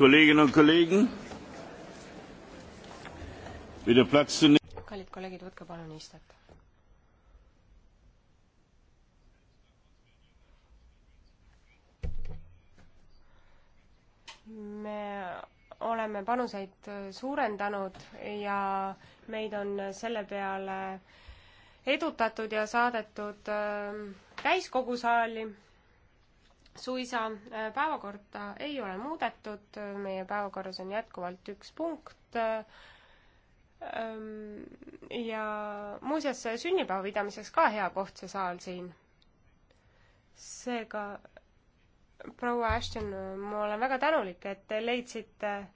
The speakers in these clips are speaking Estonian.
Kolleginnen und Kollegen, bitte Platz zu nehmen. kallid kolleegid, võtke palun istet. me oleme panuseid suurendanud ja meid on selle peale edutatud ja saadetud ähm, täiskogu saali suisa äh, päevakorda ei ole muudetud, meie päevakorras on jätkuvalt üks punkt ähm, ja muuseas, sünnipäeva pidamiseks ka hea koht, see saal siin. seega, proua Ashton, ma olen väga tänulik, et te leidsite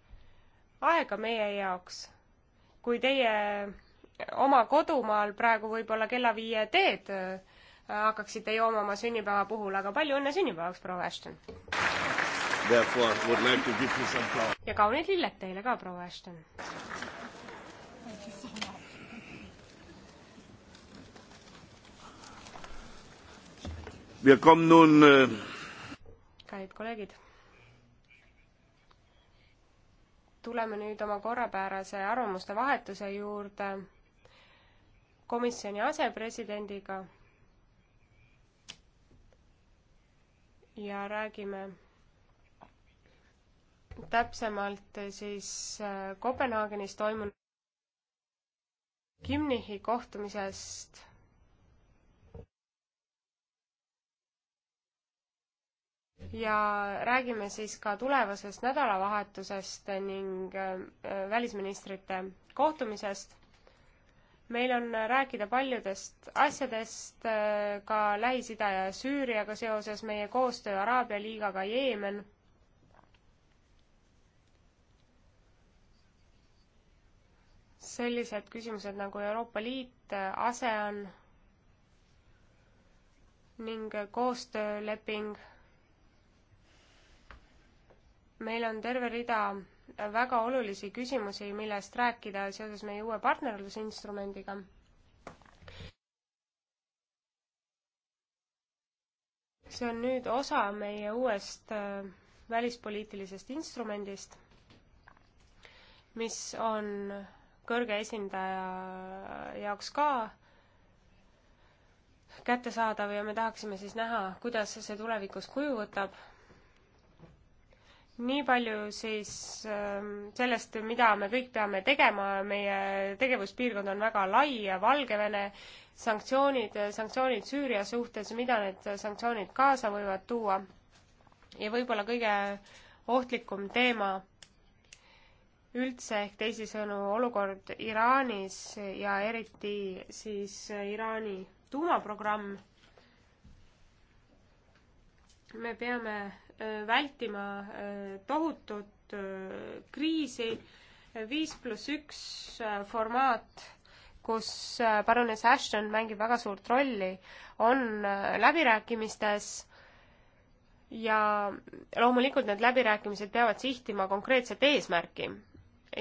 aega meie jaoks. kui teie oma kodumaal praegu võib-olla kella viie teed äh, hakkaksite jooma oma sünnipäeva puhul, aga palju õnne sünnipäevaks, proua Ashton! ja kaunid lilled teile ka, proua Ashton! Äh, kallid kolleegid, tuleme nüüd oma korrapärase arvamuste vahetuse juurde komisjoni asepresidendiga ja räägime täpsemalt siis äh, Kopenhaagenis toimunud Kimnihi kohtumisest. ja räägime siis ka tulevasest nädalavahetusest ning äh, välisministrite kohtumisest meil on rääkida paljudest asjadest äh, ka Lähis-Ida ja Süüriaga seoses, meie koostöö Araabia liigaga Jeemen. sellised küsimused nagu Euroopa Liit, ASEAN ning koostööleping. meil on terve rida väga olulisi küsimusi, millest rääkida seoses meie uue partnerlusinstrumendiga. see on nüüd osa meie uuest äh, välispoliitilisest instrumendist, mis on kõrge esindaja jaoks ka kättesaadav ja me tahaksime siis näha, kuidas see tulevikus kuju võtab nii palju siis ähm, sellest, mida me kõik peame tegema, meie tegevuspiirkond on väga lai ja Valgevene sanktsioonid, sanktsioonid Süüria suhtes, mida need sanktsioonid kaasa võivad tuua. ja võib-olla kõige ohtlikum teema üldse ehk teisisõnu olukord Iraanis ja eriti siis Iraani tuumaprogramm. me peame Äh, vältima äh, tohutut äh, kriisi. viis pluss üks formaat, kus parunes Ashton mängib väga suurt rolli, on läbirääkimistes ja loomulikult need läbirääkimised peavad sihtima konkreetset eesmärki.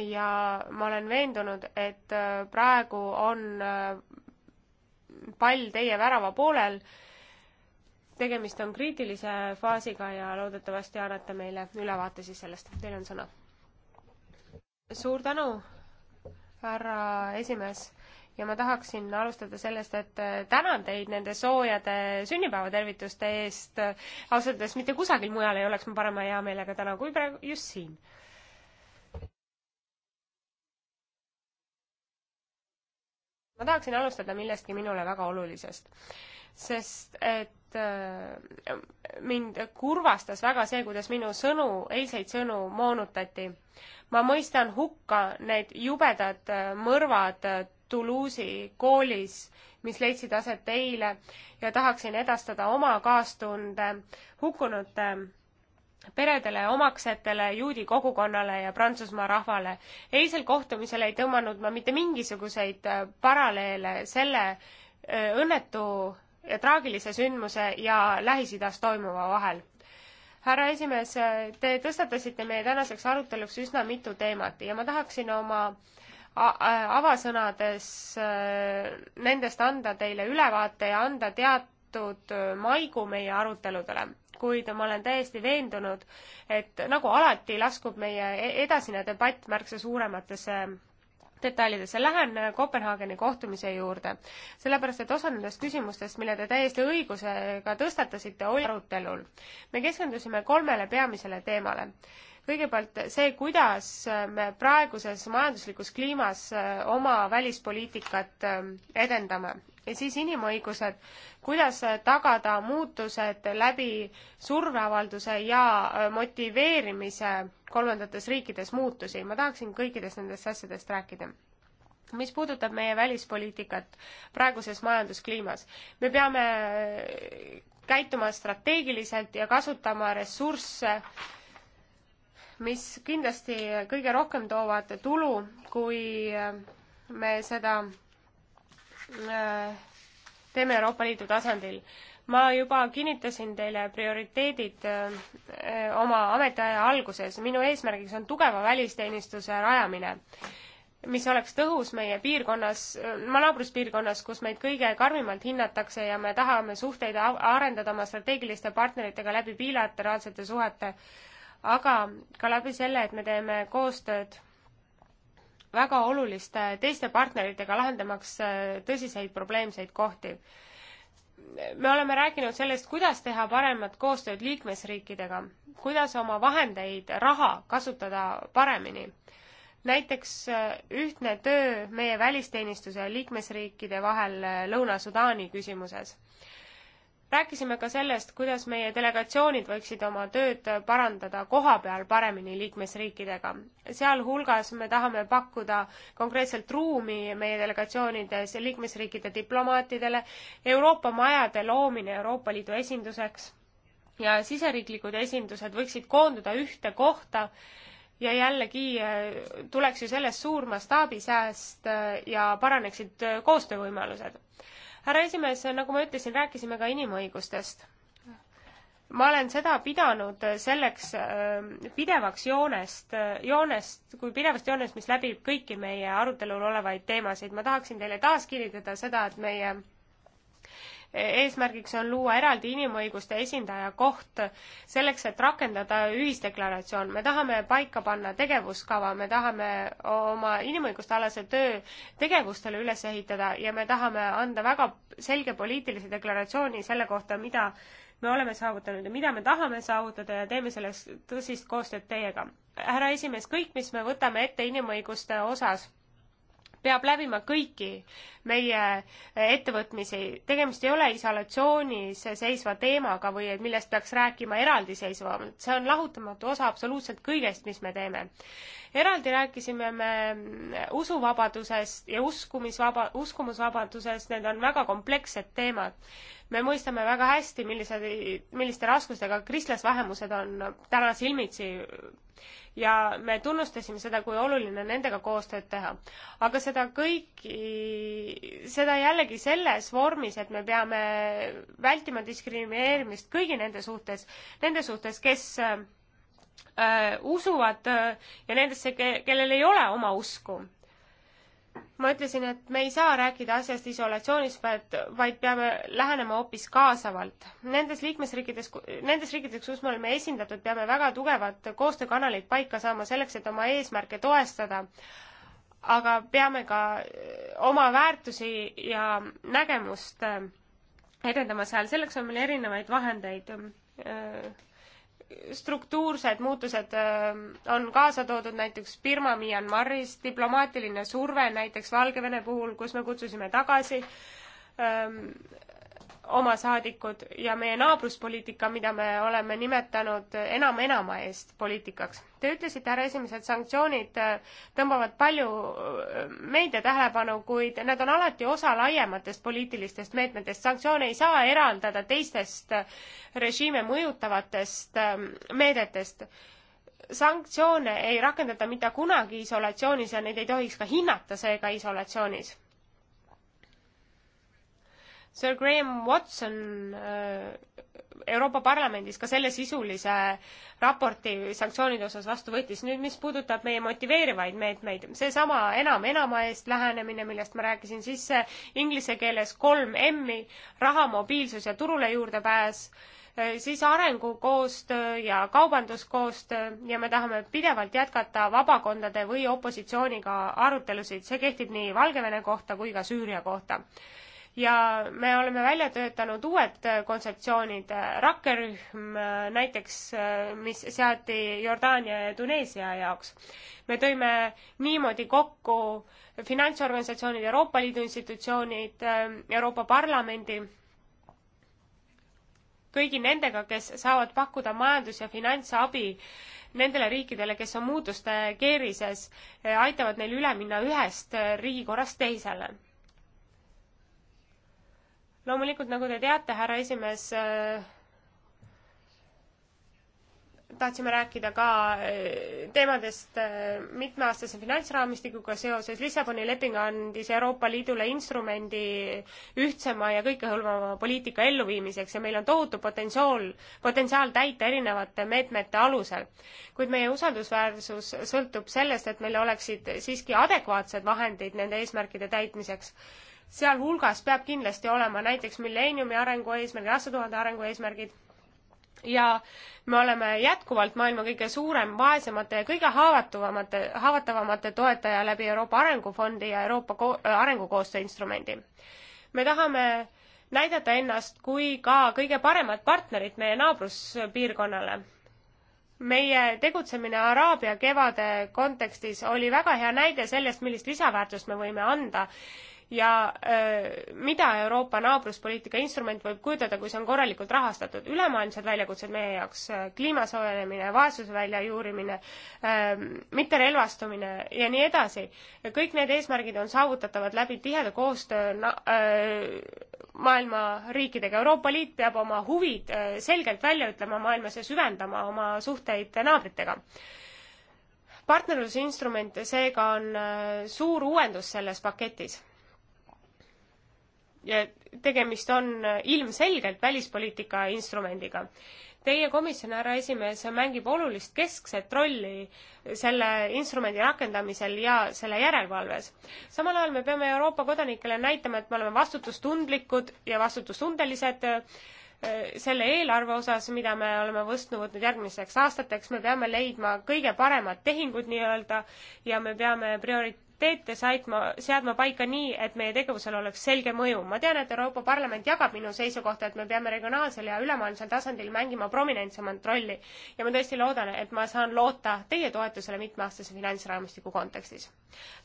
ja ma olen veendunud, et praegu on pall teie värava poolel tegemist on kriitilise faasiga ja loodetavasti annate meile ülevaate siis sellest. Teil on sõna. suur tänu, härra esimees ja ma tahaksin alustada sellest, et äh, tänan teid nende soojade sünnipäevatervituste eest. ausalt öeldes mitte kusagil mujal ei oleks ma parema heameelega täna kui praegu just siin. ma tahaksin alustada millestki minule väga olulisest sest et äh, mind kurvastas väga see, kuidas minu sõnu, eilseid sõnu moonutati. ma mõistan hukka need jubedad äh, mõrvad äh, Toulouse'i koolis, mis leidsid aset eile ja tahaksin edastada oma kaastunde hukkunute äh, peredele, omaksetele, juudi kogukonnale ja Prantsusmaa rahvale. eilsel kohtumisel ei tõmmanud ma mitte mingisuguseid paralleele selle õnnetu traagilise sündmuse ja Lähis-Idas toimuva vahel. härra esimees, te tõstatasite meie tänaseks aruteluks üsna mitu teemat ja ma tahaksin oma avasõnades äh, nendest anda teile ülevaate ja anda teatud äh, maigu meie aruteludele kuid ma olen täiesti veendunud, et nagu alati laskub meie e-, edasine debatt märksa suurematesse äh, detailidesse lähen äh, Kopenhaageni kohtumise juurde, sellepärast et osa nendest küsimustest, mille te täiesti õigusega tõstatasite, oli arutelul. me keskendusime kolmele peamisele teemale kõigepealt see, kuidas me praeguses majanduslikus kliimas äh, oma välispoliitikat äh, edendame ja siis inimõigused, kuidas äh, tagada muutused läbi surveavalduse ja motiveerimise kolmandates riikides muutusi. ma tahaksin kõikidest nendest asjadest rääkida mis puudutab meie välispoliitikat praeguses majanduskliimas, me peame käituma strateegiliselt ja kasutama ressursse äh, mis kindlasti kõige rohkem toovad tulu, kui äh, me seda äh, teeme Euroopa Liidu tasandil. ma juba kinnitasin teile prioriteedid äh, oma ametiaja alguses. minu eesmärgiks on tugeva välisteenistuse rajamine, mis oleks tõhus meie piirkonnas, oma naabruspiirkonnas, kus meid kõige karmimalt hinnatakse ja me tahame suhteid arendada oma strateegiliste partneritega läbi bilateraalsete suhete äh, aga ka läbi selle, et me teeme koostööd väga oluliste teiste partneritega, lahendamaks äh, tõsiseid probleemseid kohti. me oleme rääkinud sellest, kuidas teha paremat koostööd liikmesriikidega, kuidas oma vahendeid, raha kasutada paremini näiteks äh, ühtne töö meie välisteenistuse liikmesriikide vahel äh, Lõuna-Sudaani küsimuses rääkisime ka sellest, kuidas meie delegatsioonid võiksid oma tööd parandada koha peal paremini liikmesriikidega. sealhulgas me tahame pakkuda konkreetselt ruumi meie delegatsioonides liikmesriikide diplomaatidele, Euroopa majade loomine Euroopa Liidu esinduseks ja siseriiklikud esindused võiksid koonduda ühte kohta ja jällegi eh, tuleks ju sellest suur mastaabisääst eh, ja paraneksid eh, koostöövõimalused härra esimees, nagu ma ütlesin, rääkisime ka inimõigustest ma olen seda pidanud selleks äh, pidevaks joonest, äh, joonest, kui pidevast joonest, mis läbib kõiki meie arutelul olevaid teemasid. ma tahaksin teile taas kinnitada seda, et meie eesmärgiks on luua eraldi inimõiguste esindaja koht selleks, et rakendada ühisdeklaratsioon. me tahame paika panna tegevuskava, me tahame oma inimõiguste alase töö tegevustele üles ehitada ja me tahame anda väga selge poliitilise deklaratsiooni selle kohta, mida me oleme saavutanud ja mida me tahame saavutada ja teeme selles tõsist koostööd teiega. härra esimees, kõik, mis me võtame ette inimõiguste osas peab läbima kõiki meie ettevõtmisi. tegemist ei ole isolatsioonis seisva teemaga või et millest peaks rääkima eraldiseisvamalt, see on lahutamatu osa absoluutselt kõigest, mis me teeme. eraldi rääkisime me usuvabadusest ja uskumisvaba, uskumusvabadusest, need on väga komplekssed teemad me mõistame väga hästi, millised, milliste raskustega kristlasvähemused on täna silmitsi ja me tunnustasime seda, kui oluline nendega koostööd teha. aga seda kõiki, seda jällegi selles vormis, et me peame vältima diskrimineerimist kõigi nende suhtes, nende suhtes, kes äh, usuvad äh, ja nendesse ke, kellel ei ole oma usku ma ütlesin, et me ei saa rääkida asjast isolatsioonis, vaid, vaid peame lähenema hoopis kaasavalt. Nendes liikmesriikides, nendes riikides, kus me oleme esindatud, peame väga tugevad koostöökanalid paika saama selleks, et oma eesmärke toestada. aga peame ka oma väärtusi ja nägemust edendama seal, selleks on meil erinevaid vahendeid struktuursed muutused äh, on kaasa toodud näiteks Birma Myanmaris, diplomaatiline surve näiteks Valgevene puhul, kus me kutsusime tagasi ähm, oma saadikud ja meie naabruspoliitika, mida me oleme nimetanud enam enama eest poliitikaks. Te ütlesite, härra esimees, et sanktsioonid äh, tõmbavad palju äh, meedia tähelepanu, kuid nad on alati osa laiematest poliitilistest meetmetest. sanktsioone ei saa eraldada teistest äh, režiime mõjutavatest meedetest. sanktsioone ei rakendata mitte kunagi isolatsioonis ja neid ei tohiks ka hinnata seega isolatsioonis Sir Graham Watson äh, Euroopa Parlamendis ka sellesisulise raporti sanktsioonide osas vastu võttis. nüüd, mis puudutab meie motiveerivaid meetmeid, seesama enam enama eest lähenemine, millest ma rääkisin, siis see inglise keeles kolm M-i, raha, mobiilsus ja turule juurdepääs, äh, siis arengukoostöö ja kaubanduskoostöö ja me tahame pidevalt jätkata vabakondade või opositsiooniga arutelusid, see kehtib nii Valgevene kohta kui ka Süüria kohta ja me oleme välja töötanud uued kontseptsioonid, rakkerühm näiteks, mis seati Jordaania ja Tuneesia jaoks. me tõime niimoodi kokku finantsorganisatsioonid, Euroopa Liidu institutsioonid, Euroopa Parlamendi, kõigi nendega, kes saavad pakkuda majandus- ja finantsabi nendele riikidele, kes on muutuste keerises, aitavad neil üle minna ühest riigikorrast teisele loomulikult, nagu te teate, härra esimees, äh, tahtsime rääkida ka äh, teemadest äh, mitmeaastase finantsraamistikuga seoses. Lissaboni leping andis Euroopa Liidule instrumendi ühtsema ja kõikehõlmava poliitika elluviimiseks ja meil on tohutu potentsiool, potentsiaal täita erinevate meetmete alusel. kuid meie usaldusväärsus sõltub sellest, et meil oleksid siiski adekvaatsed vahendid nende eesmärkide täitmiseks sealhulgas peab kindlasti olema näiteks milleeniumi arengu eesmärgid, aastatuhande arengu eesmärgid ja me oleme jätkuvalt maailma kõige suurem, vaesemate ja kõige haavatavamate, haavatavamate toetaja läbi Euroopa Arengufondi ja Euroopa ko-, äh, arengukoostöö instrumendi. me tahame näidata ennast kui ka kõige paremat partnerit meie naabruspiirkonnale. meie tegutsemine Araabia kevade kontekstis oli väga hea näide sellest, millist lisaväärtust me võime anda ja äh, mida Euroopa naabruspoliitika instrument võib kujutada, kui see on korralikult rahastatud. ülemaailmsed väljakutsed meie jaoks, äh, kliima soojenemine, vaesuse väljajuurimine, äh, mitterelvastumine ja nii edasi. kõik need eesmärgid on saavutatavad läbi tiheda koostöö maailma riikidega. Euroopa Liit peab oma huvid selgelt välja ütlema maailmas ja süvendama oma suhteid naabritega partnerlusinstrument seega on suur uuendus selles paketis ja tegemist on äh, ilmselgelt välispoliitika instrumendiga. Teie komisjon, härra esimees, mängib olulist keskset rolli selle instrumendi rakendamisel ja selle järelevalves. samal ajal me peame Euroopa kodanikele näitama, et me oleme vastutustundlikud ja vastutustundelised äh, selle eelarve osas, mida me oleme vastu võtnud järgmiseks aastateks, me peame leidma kõige paremad tehingud nii-öelda ja me peame priori-, prioriteete saitma, seadma paika nii, et meie tegevusel oleks selge mõju. ma tean, et Euroopa Parlament jagab minu seisukohta, et me peame regionaalsel ja ülemaailmsel tasandil mängima prominentsemat rolli ja ma tõesti loodan, et ma saan loota teie toetusele mitmeaastase finantsraamistiku kontekstis.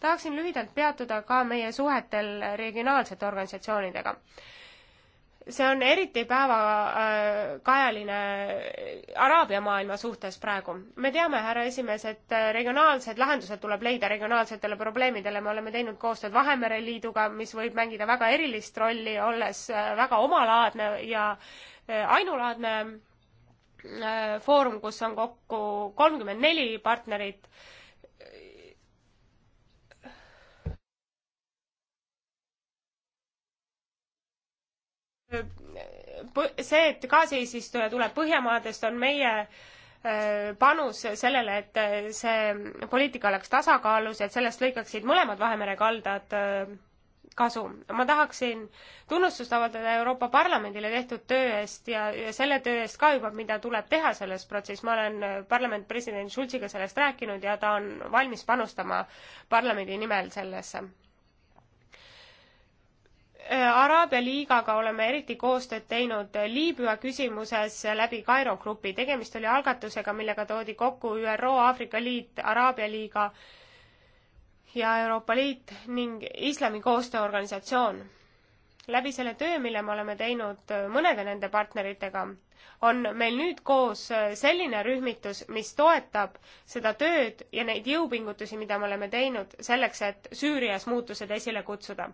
tahaksin lühidalt peatuda ka meie suhetel regionaalsete organisatsioonidega see on eriti päevakajaline äh, Araabia maailma suhtes praegu. me teame, härra esimees, et äh, regionaalsed lahendused tuleb leida regionaalsetele probleemidele, me oleme teinud koostööd Vahemere Liiduga, mis võib mängida väga erilist rolli, olles äh, väga omalaadne ja ainulaadne foorum, kus on kokku kolmkümmend neli partnerit see, et kaasesistuja tuleb Põhjamaadest, on meie äh, panus sellele, et äh, see poliitika oleks tasakaalus ja et sellest lõikaksid mõlemad Vahemere kaldad äh, kasu. ma tahaksin tunnustust avaldada Euroopa Parlamendile tehtud töö eest ja, ja selle töö eest ka juba, mida tuleb teha selles protsessis. ma olen parlamendi president Schulziga sellest rääkinud ja ta on valmis panustama parlamendi nimel sellesse Araabia liigaga oleme eriti koostööd teinud Liibüa küsimuses läbi Kairo grupi. tegemist oli algatusega, millega toodi kokku ÜRO, Aafrika Liit, Araabia liiga ja Euroopa Liit ning Islami Koostööorganisatsioon läbi selle töö, mille me oleme teinud mõnede nende partneritega, on meil nüüd koos äh, selline rühmitus, mis toetab seda tööd ja neid jõupingutusi, mida me oleme teinud selleks, et Süürias muutused esile kutsuda.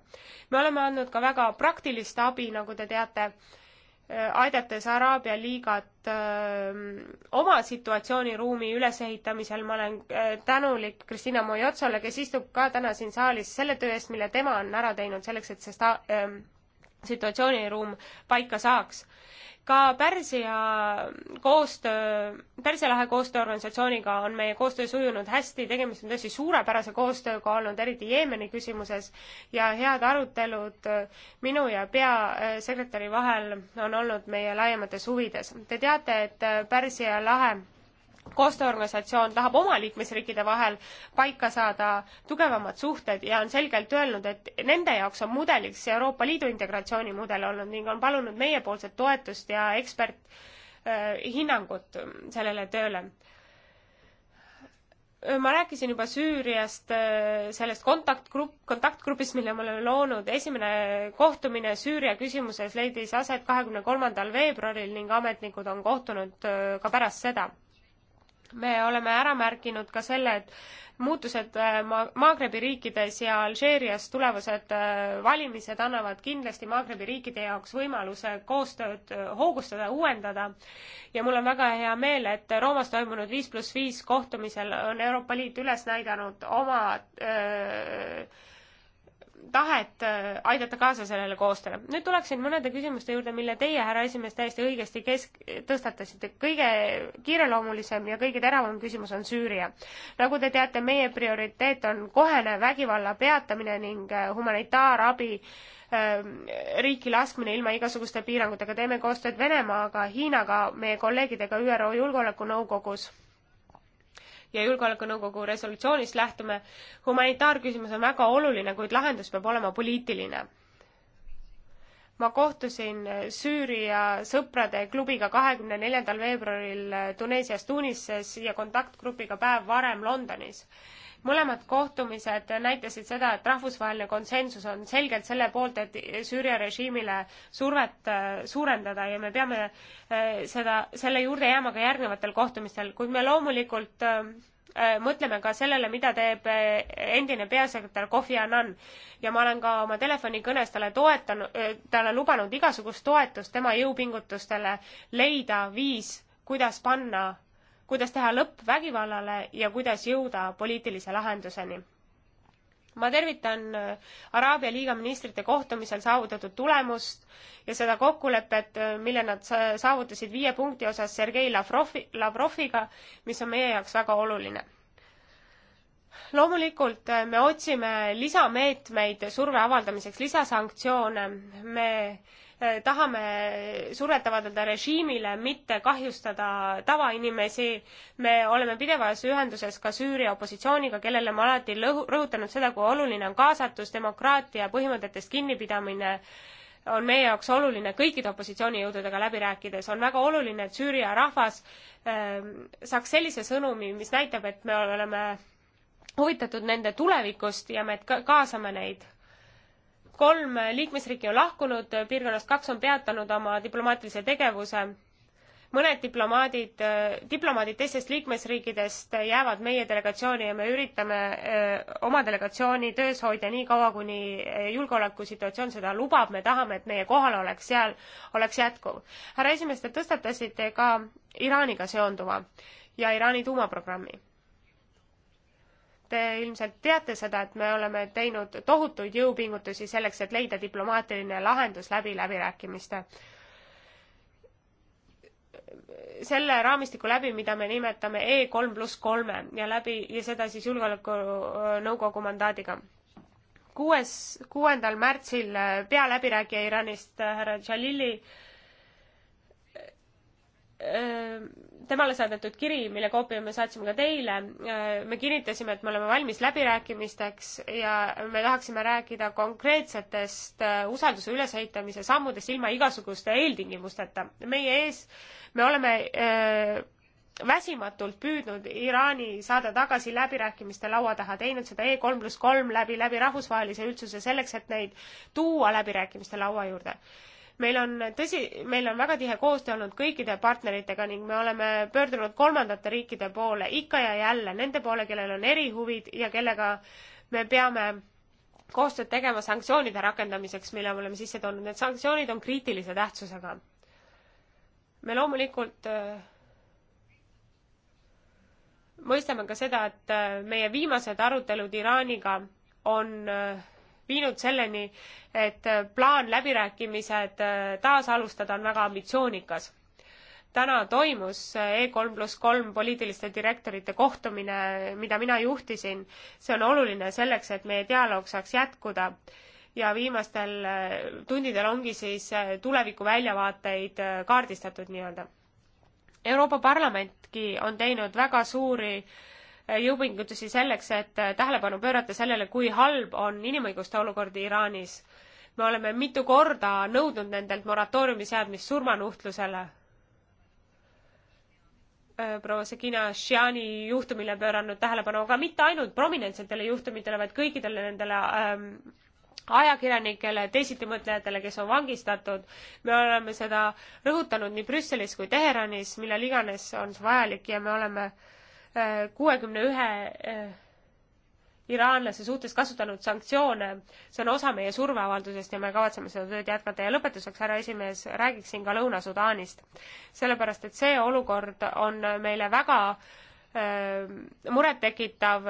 me oleme andnud ka väga praktilist abi, nagu te teate, äh, aidates Araabia liigat öö, äh, oma situatsiooniruumi ülesehitamisel, ma olen öö, tänulik Kristina Mojotsole, kes istub ka täna siin saalis, selle töö eest, mille tema on ära teinud selleks, et see sta-, ähm, situatsiooniruum paika saaks. ka Pärsia koostöö, Pärsia lahe koostööorganisatsiooniga on meie koostöö sujunud hästi, tegemist on tõesti suurepärase koostööga olnud, eriti Jeemeni küsimuses, ja head arutelud minu ja peasekretäri vahel on olnud meie laiemates huvides. Te teate, et Pärsia lahe koostööorganisatsioon tahab oma liikmesriikide vahel paika saada tugevamad suhted ja on selgelt öelnud, et nende jaoks on mudeliks Euroopa Liidu integratsioonimudel olnud ning on palunud meiepoolset toetust ja eksperthinnangut äh, sellele tööle äh, ma rääkisin juba Süüriast, äh, sellest kontaktgrupp, kontaktgrupist, mille me oleme loonud. esimene kohtumine Süüria küsimuses leidis aset kahekümne kolmandal veebruaril ning ametnikud on kohtunud äh, ka pärast seda me oleme ära märkinud ka selle, et muutused äh, ma-, Maagrebi riikides ja Alžeerias tulevased äh, valimised annavad kindlasti Maagrebi riikide jaoks võimaluse koostööd äh, hoogustada, uuendada ja mul on väga hea meel, et Roomas toimunud viis pluss viis kohtumisel on Euroopa Liit üles näidanud oma öö, tahet äh, aidata kaasa sellele koostööle. nüüd tuleksin mõnede küsimuste juurde, mille teie, härra esimees, täiesti õigesti kesk-, tõstatasite. kõige kiireloomulisem ja kõige teravam küsimus on Süüria. nagu te teate, meie prioriteet on kohene vägivalla peatamine ning äh, humanitaarabi ähm, riiki laskmine ilma igasuguste piirangutega. teeme koostööd Venemaaga, Hiinaga, meie kolleegidega ÜRO Julgeolekunõukogus ja Julgeolekunõukogu resolutsioonist lähtume. humanitaarküsimus on väga oluline, kuid lahendus peab olema poliitiline. ma kohtusin Süüria sõprade klubiga kahekümne neljandal veebruaril Tuneesias Tunises ja kontaktgrupiga päev varem Londonis mõlemad kohtumised näitasid seda, et rahvusvaheline konsensus on selgelt selle poolt, et Süüria režiimile survet äh, suurendada ja me peame äh, seda, selle juurde jääma ka järgnevatel kohtumistel, kuid me loomulikult äh, mõtleme ka sellele, mida teeb endine peasekretär Kofi Annan ja ma olen ka oma telefonikõnes talle toetanud, talle lubanud igasugust toetust tema jõupingutustele leida viis, kuidas panna kuidas teha lõpp vägivallale ja kuidas jõuda poliitilise lahenduseni. ma tervitan äh, Araabia Liiga ministrite kohtumisel saavutatud tulemust ja seda kokkulepet, äh, mille nad saavutasid viie punkti osas Sergei Lavrovi, Lavroviga, mis on meie jaoks väga oluline loomulikult äh, me otsime lisameetmeid surve avaldamiseks, lisasanktsioone, me Äh, tahame survet avaldada režiimile, mitte kahjustada tavainimesi. me oleme pidevas ühenduses ka Süüria opositsiooniga, kellele me alati rõhutanud seda, kui oluline on kaasatus, demokraatia põhimõtetest kinnipidamine on meie jaoks oluline kõikide opositsioonijõududega läbi rääkides, on väga oluline, et Süüria rahvas ähm, saaks sellise sõnumi, mis näitab, et me oleme huvitatud nende tulevikust ja me kaasame neid kolm liikmesriiki on lahkunud piirkonnast, kaks on peatanud oma diplomaatilise tegevuse. mõned diplomaadid, diplomaadid teistest liikmesriikidest jäävad meie delegatsiooni ja me üritame oma delegatsiooni töös hoida nii kaua, kuni julgeolekusituatsioon seda lubab, me tahame, et meie kohalolek seal oleks jätkuv. härra esimees, te tõstatasite ka Iraaniga seonduva ja Iraani tuumaprogrammi te ilmselt teate seda, et me oleme teinud tohutuid jõupingutusi selleks, et leida diplomaatiline lahendus läbi läbirääkimiste. selle raamistiku läbi, mida me nimetame E kolm pluss kolme ja läbi ja seda siis julgeolekunõukogu mandaadiga. kuues, kuuendal märtsil pealäbirääkija Iraanist härra Jalili äh, temale saadetud kiri, mille koopia me saatsime ka teile, me kinnitasime, et me oleme valmis läbirääkimisteks ja me tahaksime rääkida konkreetsetest usalduse ülesehitamise sammudest ilma igasuguste eeltingimusteta. meie ees, me oleme öö, väsimatult püüdnud Iraani saada tagasi läbirääkimiste laua taha, teinud seda E kolm pluss kolm läbi, läbi rahvusvahelise üldsuse selleks, et neid tuua läbirääkimiste laua juurde meil on tõsi, meil on väga tihe koostöö olnud kõikide partneritega ning me oleme pöördunud kolmandate riikide poole ikka ja jälle, nende poole, kellel on erihuvid ja kellega me peame koostööd tegema sanktsioonide rakendamiseks, mille me oleme sisse toonud. Need sanktsioonid on kriitilise tähtsusega. me loomulikult äh, mõistame ka seda, et äh, meie viimased arutelud Iraaniga on äh, viinud selleni, et äh, plaan läbirääkimised äh, taas alustada on väga ambitsioonikas. täna toimus äh, E kolm pluss kolm poliitiliste direktorite kohtumine, mida mina juhtisin. see on oluline selleks, et meie dialoog saaks jätkuda ja viimastel tundidel ongi siis tuleviku väljavaateid kaardistatud nii-öelda. Euroopa Parlamentki on teinud väga suuri äh, Eh, jõupingutusi selleks, et eh, tähelepanu pöörata sellele, kui halb on inimõiguste olukord Iraanis. me oleme mitu korda nõudnud nendelt moratooriumi seadmist surmanuhtlusele. Eh, proua Sekina Šiani juhtumile pööranud tähelepanu, aga mitte ainult prominentsetele juhtumitele, vaid kõikidele nendele ähm, ajakirjanikele, teisitimõtlejatele, kes on vangistatud. me oleme seda rõhutanud nii Brüsselis kui Teheranis, millal iganes on see vajalik ja me oleme äh, kuuekümne ühe eh, iraanlase suhtes kasutanud sanktsioone, see on osa meie surveavaldusest ja me kavatseme seda tööd jätkata ja lõpetuseks, härra esimees, räägiksin ka Lõuna-Sudaanist. sellepärast, et see olukord on meile väga äh, murettekitav.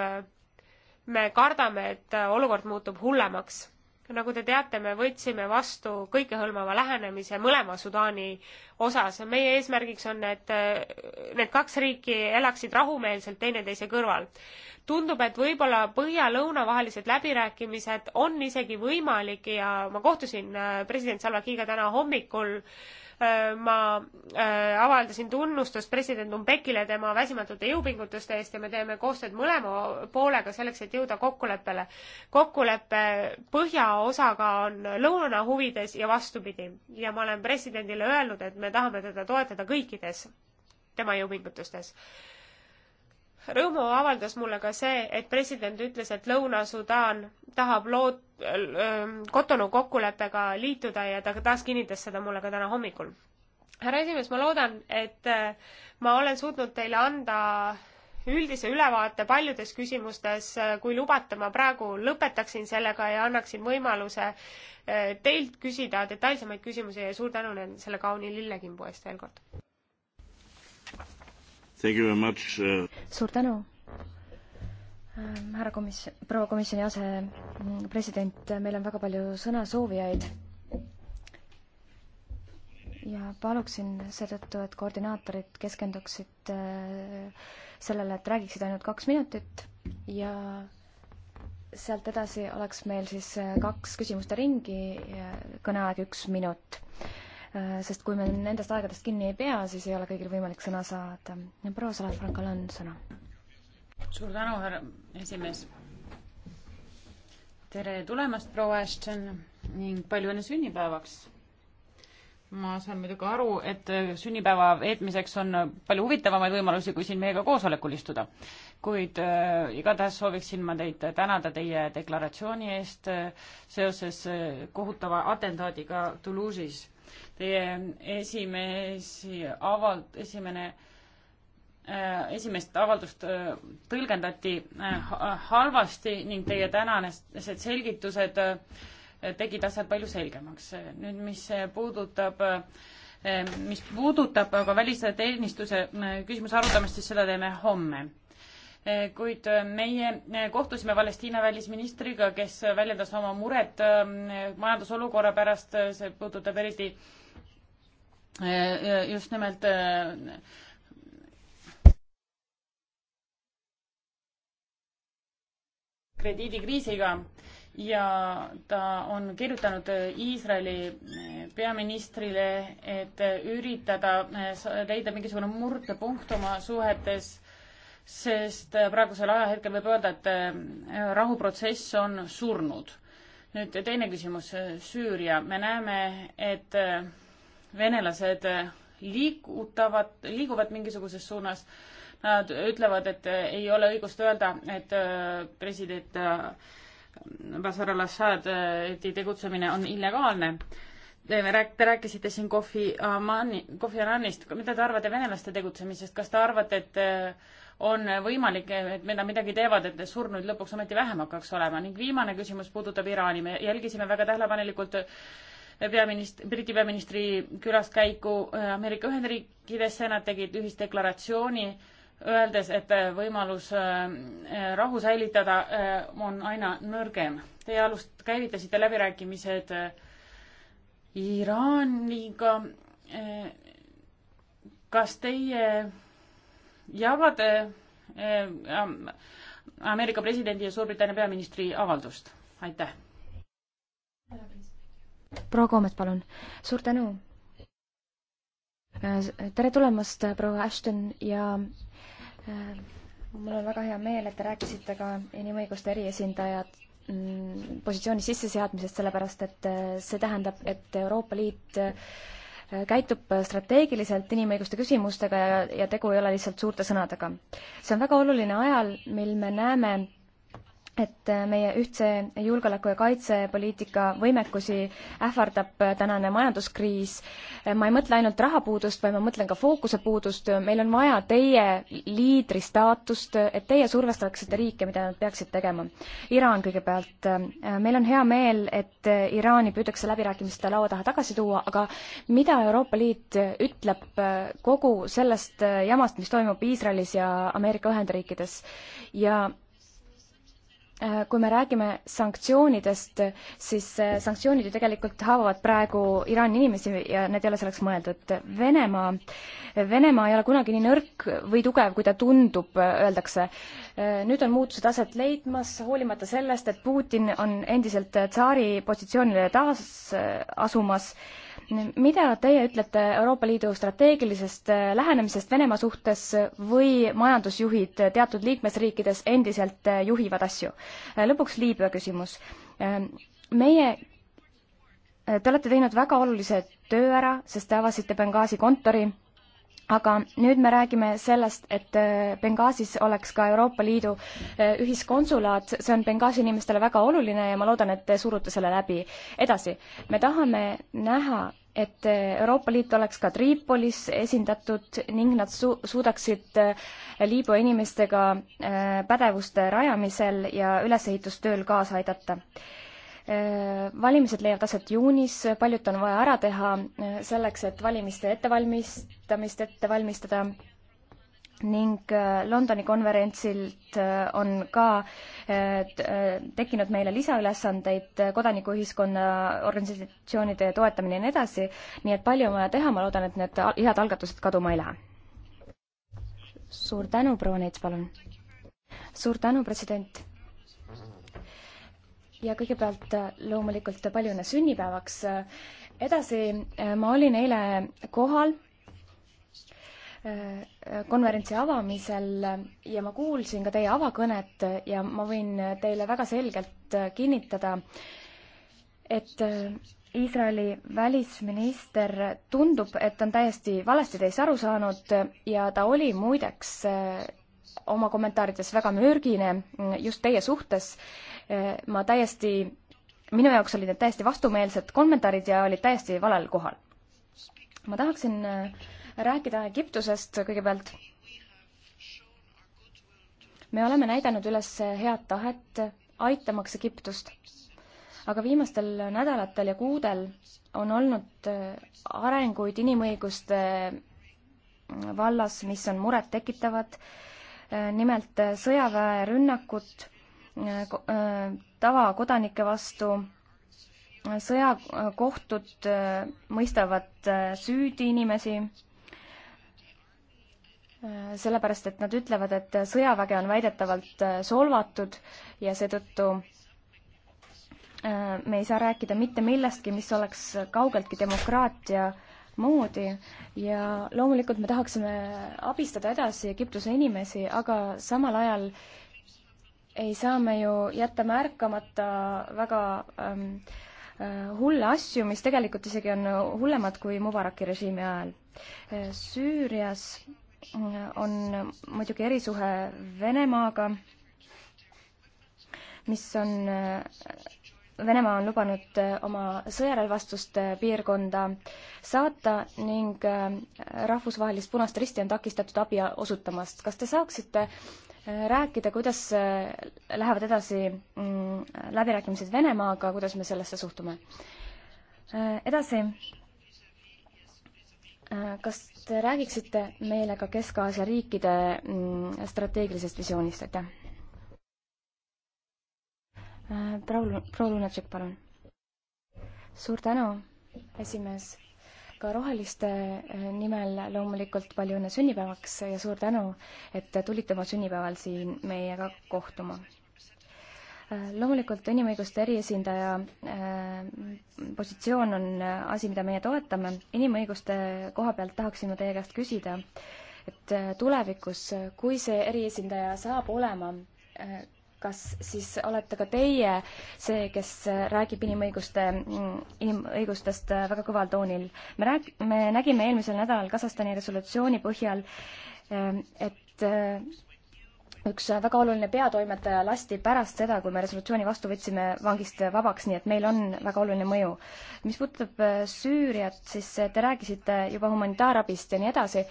me kardame, et olukord muutub hullemaks nagu te teate, me võtsime vastu kõikehõlmava lähenemise mõlema Sudaani osas. meie eesmärgiks on, et äh, need kaks riiki elaksid rahumeelselt teineteise kõrval. tundub, et võib-olla põhja-lõuna vahelised läbirääkimised on isegi võimalik ja ma kohtusin äh, president Salva Kiiga täna hommikul äh, Äh, ma äh, avaldasin tunnustust president Umbekile tema väsimatute jõupingutuste eest ja me teeme koostööd mõlema poolega selleks, et jõuda kokkuleppele. kokkulepe põhjaosaga on lõuna huvides ja vastupidi. ja ma olen presidendile öelnud, et me tahame teda toetada kõikides tema jõupingutustes rõõmu avaldas mulle ka see, et president ütles, et Lõuna-Sudaan tahab lood-, ähm, Cotonou kokkuleppega liituda ja ta taas kinnitas seda mulle ka täna hommikul. härra esimees, ma loodan, et äh, ma olen suutnud teile anda üldise ülevaate paljudes küsimustes, äh, kui lubate, ma praegu lõpetaksin sellega ja annaksin võimaluse äh, teilt küsida detailsemaid küsimusi ja suur tänu selle kauni lillekimbu eest veel kord. Uh, suur tänu härra komis-, proua komisjoni asepresident, meil on väga palju sõnasoovijaid. ja paluksin seetõttu, et koordinaatorid keskenduksid äh, sellele, et räägiksid ainult kaks minutit ja sealt edasi oleks meil siis äh, kaks küsimuste ringi ja kõneaeg üks minut Äh, sest kui me nendest aegadest kinni ei pea, siis ei ole kõigil võimalik sõna saada. proua Salafrankal on sõna. suur tänu, härra esimees. tere tulemast, proua Ashton ning palju õnne sünnipäevaks. ma saan muidugi aru, et sünnipäeva veetmiseks on palju huvitavamaid võimalusi, kui siin meiega koosolekul istuda. kuid äh, igatahes sooviksin ma teid tänada teie deklaratsiooni eest äh, seoses äh, kohutava atentaadiga Toulouse'is Teie esimesi avald-, esimene äh, esimest avaldust äh, tõlgendati äh, halvasti ning teie tänased selgitused tegid asja palju selgemaks. nüüd, mis puudutab, mis puudutab aga välisteenistuse küsimuse arutamist, siis seda teeme homme. kuid meie kohtusime Palestiina välisministriga, kes väljendas oma muret majandusolukorra pärast, see puudutab eriti äh, Äh, just nimelt äh, krediidikriisiga ja ta on kirjutanud äh, Iisraeli peaministrile, et üritada leida mingisugune murdepunkt oma suhetes, sest praegusel ajahetkel võib öelda, et rahuprotsess on surnud. nüüd teine küsimus, Süüria. me näeme, et venelased liigutavad, liiguvad mingisuguses suunas. Nad ütlevad, et ei ole õigust öelda, et äh, president äh, Bashar al-Assad'i äh, tegutsemine on illegaalne. Te rääkisite siin Kofi Amani, Kofi Annanist, mida te arvate venelaste tegutsemisest, kas te arvate, et on võimalik, et mida midagi teevad, et surnuid lõpuks ometi vähem hakkaks olema ning viimane küsimus puudutab Iraani, me jälgisime väga tähelepanelikult peaminist-, Briti peaministri külaskäiku äh, Ameerika Ühendriikidesse, nad tegid ühisdeklaratsiooni, öeldes, et äh, võimalus äh, rahu säilitada on aina nõrgem. Teie alust-, käivitasite läbirääkimised Iraaniga. kas teie jagate Ameerika presidendi ja Suurbritannia peaministri avaldust? aitäh proua Koomet, palun. suur tänu. Äh, tere tulemast, proua Ashton ja äh, mul on väga hea meel, et te rääkisite ka inimõiguste eriesindajad mm, positsiooni sisseseadmisest, sellepärast et äh, see tähendab, et Euroopa Liit käitub strateegiliselt inimõiguste küsimustega ja, ja tegu ei ole lihtsalt suurte sõnadega. see on väga oluline ajal, mil me näeme et äh, meie ühtse julgeoleku- ja kaitsepoliitika võimekusi ähvardab äh, tänane majanduskriis. Äh, ma ei mõtle ainult rahapuudust, vaid ma mõtlen ka fookuse puudust. meil on vaja teie liidri staatust, et teie survestaksite riike, mida nad peaksid tegema. Iraan kõigepealt. meil on hea meel, et Iraani püütakse läbirääkimiste laua taha tagasi tuua, aga mida Euroopa Liit ütleb kogu sellest jamast, mis toimub Iisraelis ja Ameerika Ühendriikides ja Äh, kui me räägime sanktsioonidest, siis äh, sanktsioonid ju tegelikult haavavad praegu Iraani inimesi ja need ei ole selleks mõeldud. Venemaa, Venemaa ei ole kunagi nii nõrk või tugev, kui ta tundub, äh, öeldakse. nüüd on muutused aset leidmas, hoolimata sellest, et Putin on endiselt tsaari positsioonile taas asumas mida teie ütlete Euroopa Liidu strateegilisest äh, lähenemisest Venemaa suhtes või majandusjuhid teatud liikmesriikides endiselt äh, juhivad asju? Äh, lõpuks Liibüa küsimus. meie Te olete teinud väga olulise töö ära, sest te avasite Benghazi kontori aga nüüd me räägime sellest, et äh, Benghazis oleks ka Euroopa Liidu äh, ühiskonsulaat, see on Benghazi inimestele väga oluline ja ma loodan, et te surute selle läbi. edasi, me tahame näha, et äh, Euroopa Liit oleks ka Tripolis esindatud ning nad su-, suudaksid Liibüa inimestega pädevuste rajamisel ja ülesehitustööl kaasa aidata valimised leiavad aset juunis, paljut on vaja ära teha eh, selleks, et valimiste ettevalmistamist ette valmistada ning eh, Londoni konverentsilt eh, on ka tekkinud meile lisaülesandeid, kodanikuühiskonna organisatsioonide toetamine ja nii edasi, nii et palju on vaja teha, ma loodan, et need head algatused kaduma ei lähe. suur tänu, proua Neits, palun! suur tänu, president! ja kõigepealt äh, loomulikult palju õnne sünnipäevaks. Äh, edasi, äh, ma olin eile kohal konverentsi avamisel ja ma kuulsin ka teie avakõnet ja ma võin teile väga selgelt kinnitada, et Iisraeli välisminister tundub, et on täiesti valesti teist aru saanud ja ta oli muideks oma kommentaarides väga mürgine just teie suhtes. ma täiesti, minu jaoks olid need täiesti vastumeelsed kommentaarid ja olid täiesti valel kohal. ma tahaksin äh, rääkida Egiptusest kõigepealt. me oleme näidanud üles head tahet, aitamaks Egiptust. aga viimastel nädalatel ja kuudel on olnud äh, arenguid inimõiguste vallas, mis on murettekitavad nimelt äh, sõjaväerünnakut äh, äh, tavakodanike vastu. sõjakohtud mõistavad süüdi inimesi, sellepärast et nad ütlevad, et sõjaväge on väidetavalt solvatud ja seetõttu me ei saa rääkida mitte millestki, mis oleks kaugeltki demokraatia äh, moodi ja loomulikult me tahaksime abistada edasi Egiptuse inimesi, aga samal ajal ei saa me ju jätta märkamata väga ähm, äh, hulle asju, mis tegelikult isegi on hullemad kui Mubaraki režiimi ajal. Äh, Süürias äh, on muidugi erisuhe Venemaaga, mis on Venemaa on lubanud äh, oma sõjarelvastust äh, piirkonda saata ning äh, rahvusvahelist Punast Risti on takistatud abi osutamast. kas te saaksite rääkida, kuidas lähevad edasi mm, läbirääkimised Venemaaga, kuidas me sellesse suhtume? edasi. kas te räägiksite meile ka Kesk-Aasia riikide mm, strateegilisest visioonist, aitäh? Äh, proua, proua Lunatšik, palun. suur tänu, esimees. ka roheliste äh, nimel loomulikult palju õnne sünnipäevaks ja suur tänu, et tulite oma sünnipäeval siin meiega kohtuma äh, loomulikult inimõiguste eriesindaja positsioon on asi, mida meie toetame. inimõiguste koha pealt tahaksime teie käest küsida, et tulevikus, kui see eriesindaja saab olema kas siis olete ka teie see, kes räägib inimõiguste, inimõigustest väga kõval toonil? me rääg-, me nägime eelmisel nädalal Kasahstani resolutsiooni põhjal, ähm, et äh, üks väga oluline peatoimetaja lasti pärast seda, kui me resolutsiooni vastu võtsime, vangist vabaks, nii et meil on väga oluline mõju. mis puudutab äh, Süüriat, siis äh, te rääkisite juba humanitaarabist ja nii edasi,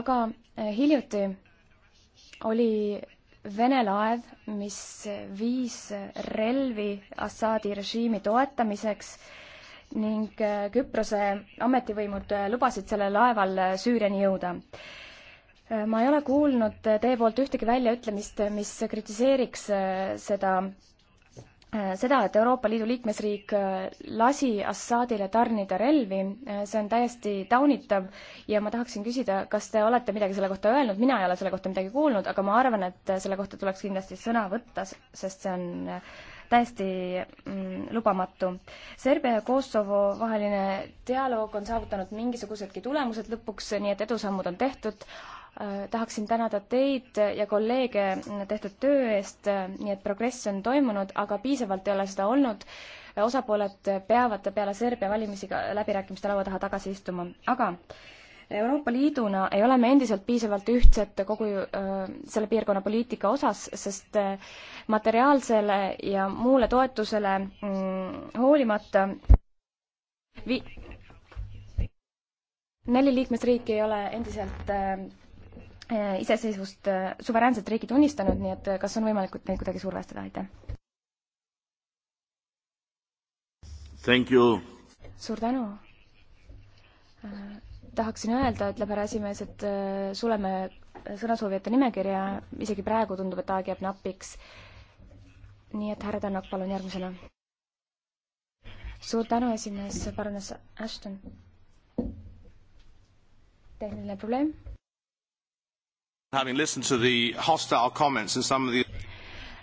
aga hiljuti oli Vene laev, mis viis relvi Assaadi režiimi toetamiseks ning äh, Küprose ametivõimud äh, lubasid sellel laeval äh, Süüriani jõuda. ma ei ole kuulnud teie poolt ühtegi väljaütlemist, mis kritiseeriks seda Äh, seda, et Euroopa Liidu liikmesriik äh, lasi Assadile tarnida relvi, äh, see on täiesti taunitav ja ma tahaksin küsida, kas te olete midagi selle kohta öelnud, mina ei ole selle kohta midagi kuulnud, aga ma arvan, et selle kohta tuleks kindlasti sõna võtta, sest see on täiesti mm, lubamatu. Serbia ja Kosovo vaheline dialoog on saavutanud mingisugusedki tulemused lõpuks, nii et edusammud on tehtud, Äh, tahaksin tänada teid ja kolleege tehtud töö eest, äh, nii et progress on toimunud, aga piisavalt ei ole seda olnud. Äh, osapooled peavad peale Serbia valimisi ka läbirääkimiste laua taha tagasi istuma, aga Euroopa Liiduna ei ole me endiselt piisavalt ühtsed kogu äh, selle piirkonna poliitika osas, sest äh, materiaalsele ja muule toetusele mm, hoolimata vi-, neli liikmesriiki ei ole endiselt äh, Äh, iseseisvust äh, suveräänset riiki tunnistanud, nii et äh, kas on võimalik neid kuidagi survestada, aitäh? suur tänu! tahaksin öelda, ütleb härra esimees, et suleme sõnasoovijate nimekirja, isegi praegu tundub, et aeg jääb napiks. nii et härra Tänak, palun järgmisena. suur tänu, esimees, paranes Ashton. tehniline probleem Having listened to the hostile comments and some of the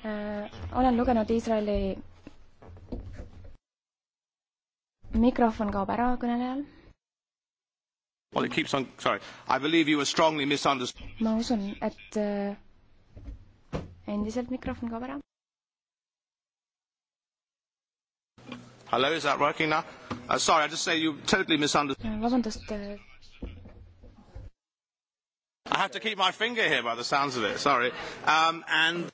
äh, olen lugenud Iisraeli mikrofon kaob ära kõnelejal. Well it keeps on, sorry, I believe you were strongly misunderstood. ma usun, et äh, endiselt mikrofon kaob ära. Hello, is that working now? Uh, sorry, I just say you totally misunderstood. Äh, vabandust, äh, I have to keep my finger here by the sounds of it, sorry. Um, and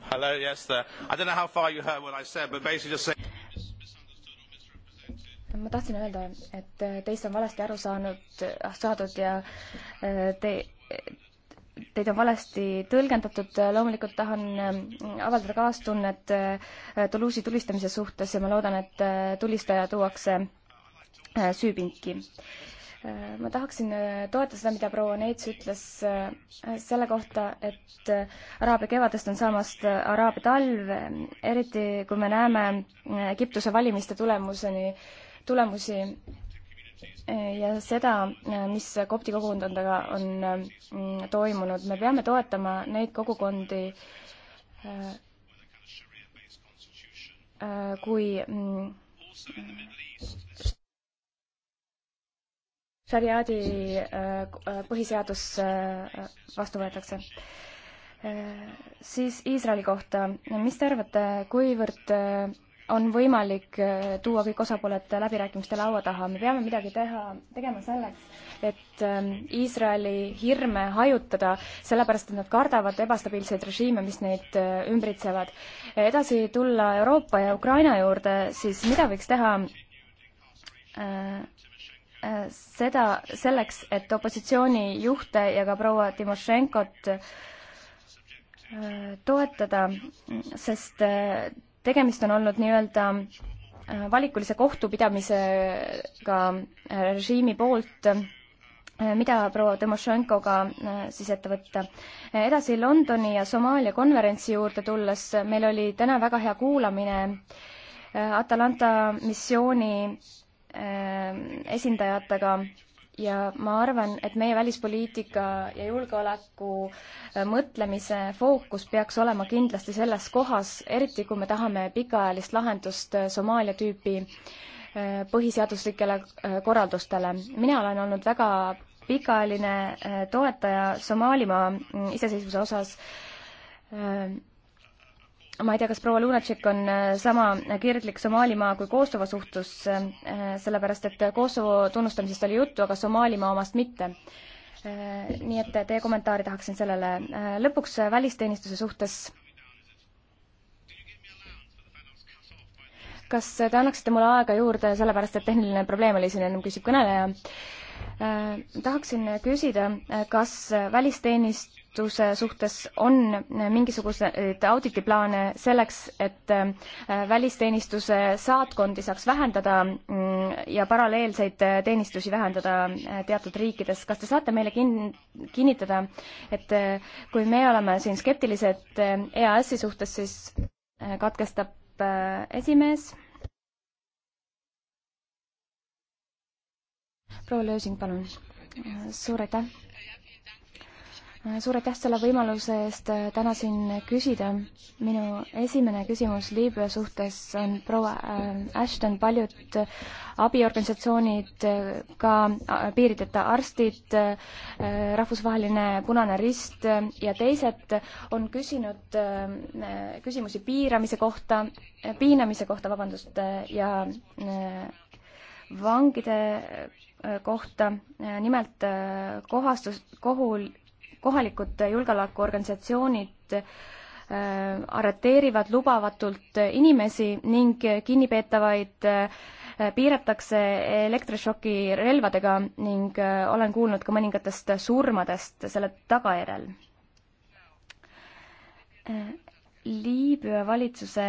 Hello, yes, there. I don't know how far you heard what I said, but basically just say ma tahtsin öelda, et äh, teist on valesti aru saanud, äh, saadud ja äh, te, teid on valesti tõlgendatud, loomulikult tahan ähm, avaldada kaastunnet äh, Toulouse'i tulistamise suhtes ja ma loodan, et äh, tulistaja tuuakse äh, süüpinki. ma tahaksin toetada seda, mida proua Neits ütles selle kohta, et Araabia kevadest on saamas Araabia talv, eriti kui me näeme Egiptuse valimiste tulemuseni, tulemusi ja seda, mis kopti kogukondadega on mm, toimunud. me peame toetama neid kogukondi, äh, äh, kui mm, šariaadi äh, põhiseadus vastu võetakse siis Iisraeli kohta, mis te arvate, kuivõrd on võimalik äh, tuua kõik osapooled läbirääkimiste laua taha. me peame midagi teha, tegema selleks, et ähm, Iisraeli hirme hajutada, sellepärast et nad kardavad ebastabiilseid režiime, mis neid äh, ümbritsevad. edasi tulla Euroopa ja Ukraina juurde, siis mida võiks teha äh, seda selleks, et opositsioonijuhte ja ka proua Timošenkot toetada, sest tegemist on olnud nii-öelda äh, valikulise kohtupidamisega äh, režiimi poolt, äh, mida proua Tõmošenko ka siis ette võtta. edasi Londoni ja Somaalia konverentsi juurde tulles, meil oli täna väga hea kuulamine Atalanta missiooni esindajatega ja ma arvan, et meie välispoliitika ja julgeoleku äh, mõtlemise fookus peaks olema kindlasti selles kohas, eriti kui me tahame pikaajalist lahendust äh, Somaalia tüüpi äh, põhiseaduslikele korraldustele. mina olen olnud väga pikaajaline toetaja Somaalimaa mm, iseseisvuse osas ma ei tea, kas proua Lunatšik on äh, sama kirglik Somaalimaa kui Kosovo suhtus, äh, sellepärast et Kosovo tunnustamisest oli juttu, aga Somaalimaa omast mitte. Äh, nii et teie kommentaari tahaksin sellele. lõpuks välisteenistuse suhtes. kas te annaksite mulle aega juurde, sellepärast et tehniline probleem oli siin ennem küsib kõneleja tahaksin küsida, kas välisteenist-, algatuse suhtes on mingisuguseid auditiplaane selleks, et äh, välisteenistuse saatkondi saaks vähendada mm, ja paralleelseid teenistusi vähendada äh, teatud riikides. kas te saate meile kin-, kinnitada, et äh, kui me oleme siin skeptilised EAS-i suhtes, siis katkestab esimees? proua Lösing, palun. suur aitäh suur aitäh selle võimaluse eest äh, täna siin küsida. minu esimene küsimus Liibüa suhtes on proua äh, Ashton, paljud äh, abiorganisatsioonid, ka piirideta arstid, rahvusvaheline Punane Rist ja teised on küsinud küsimusi piiramise kohta, piinamise kohta, vabandust, ja vangide kohta, nimelt kohastus, kohul kohalikud julgeolekuorganisatsioonid äh, arreteerivad lubavatult inimesi ning kinnipeetavaid äh, piiratakse elektrišoki relvadega ning äh, olen kuulnud ka mõningatest surmadest selle tagajärjel. Liibüa valitsuse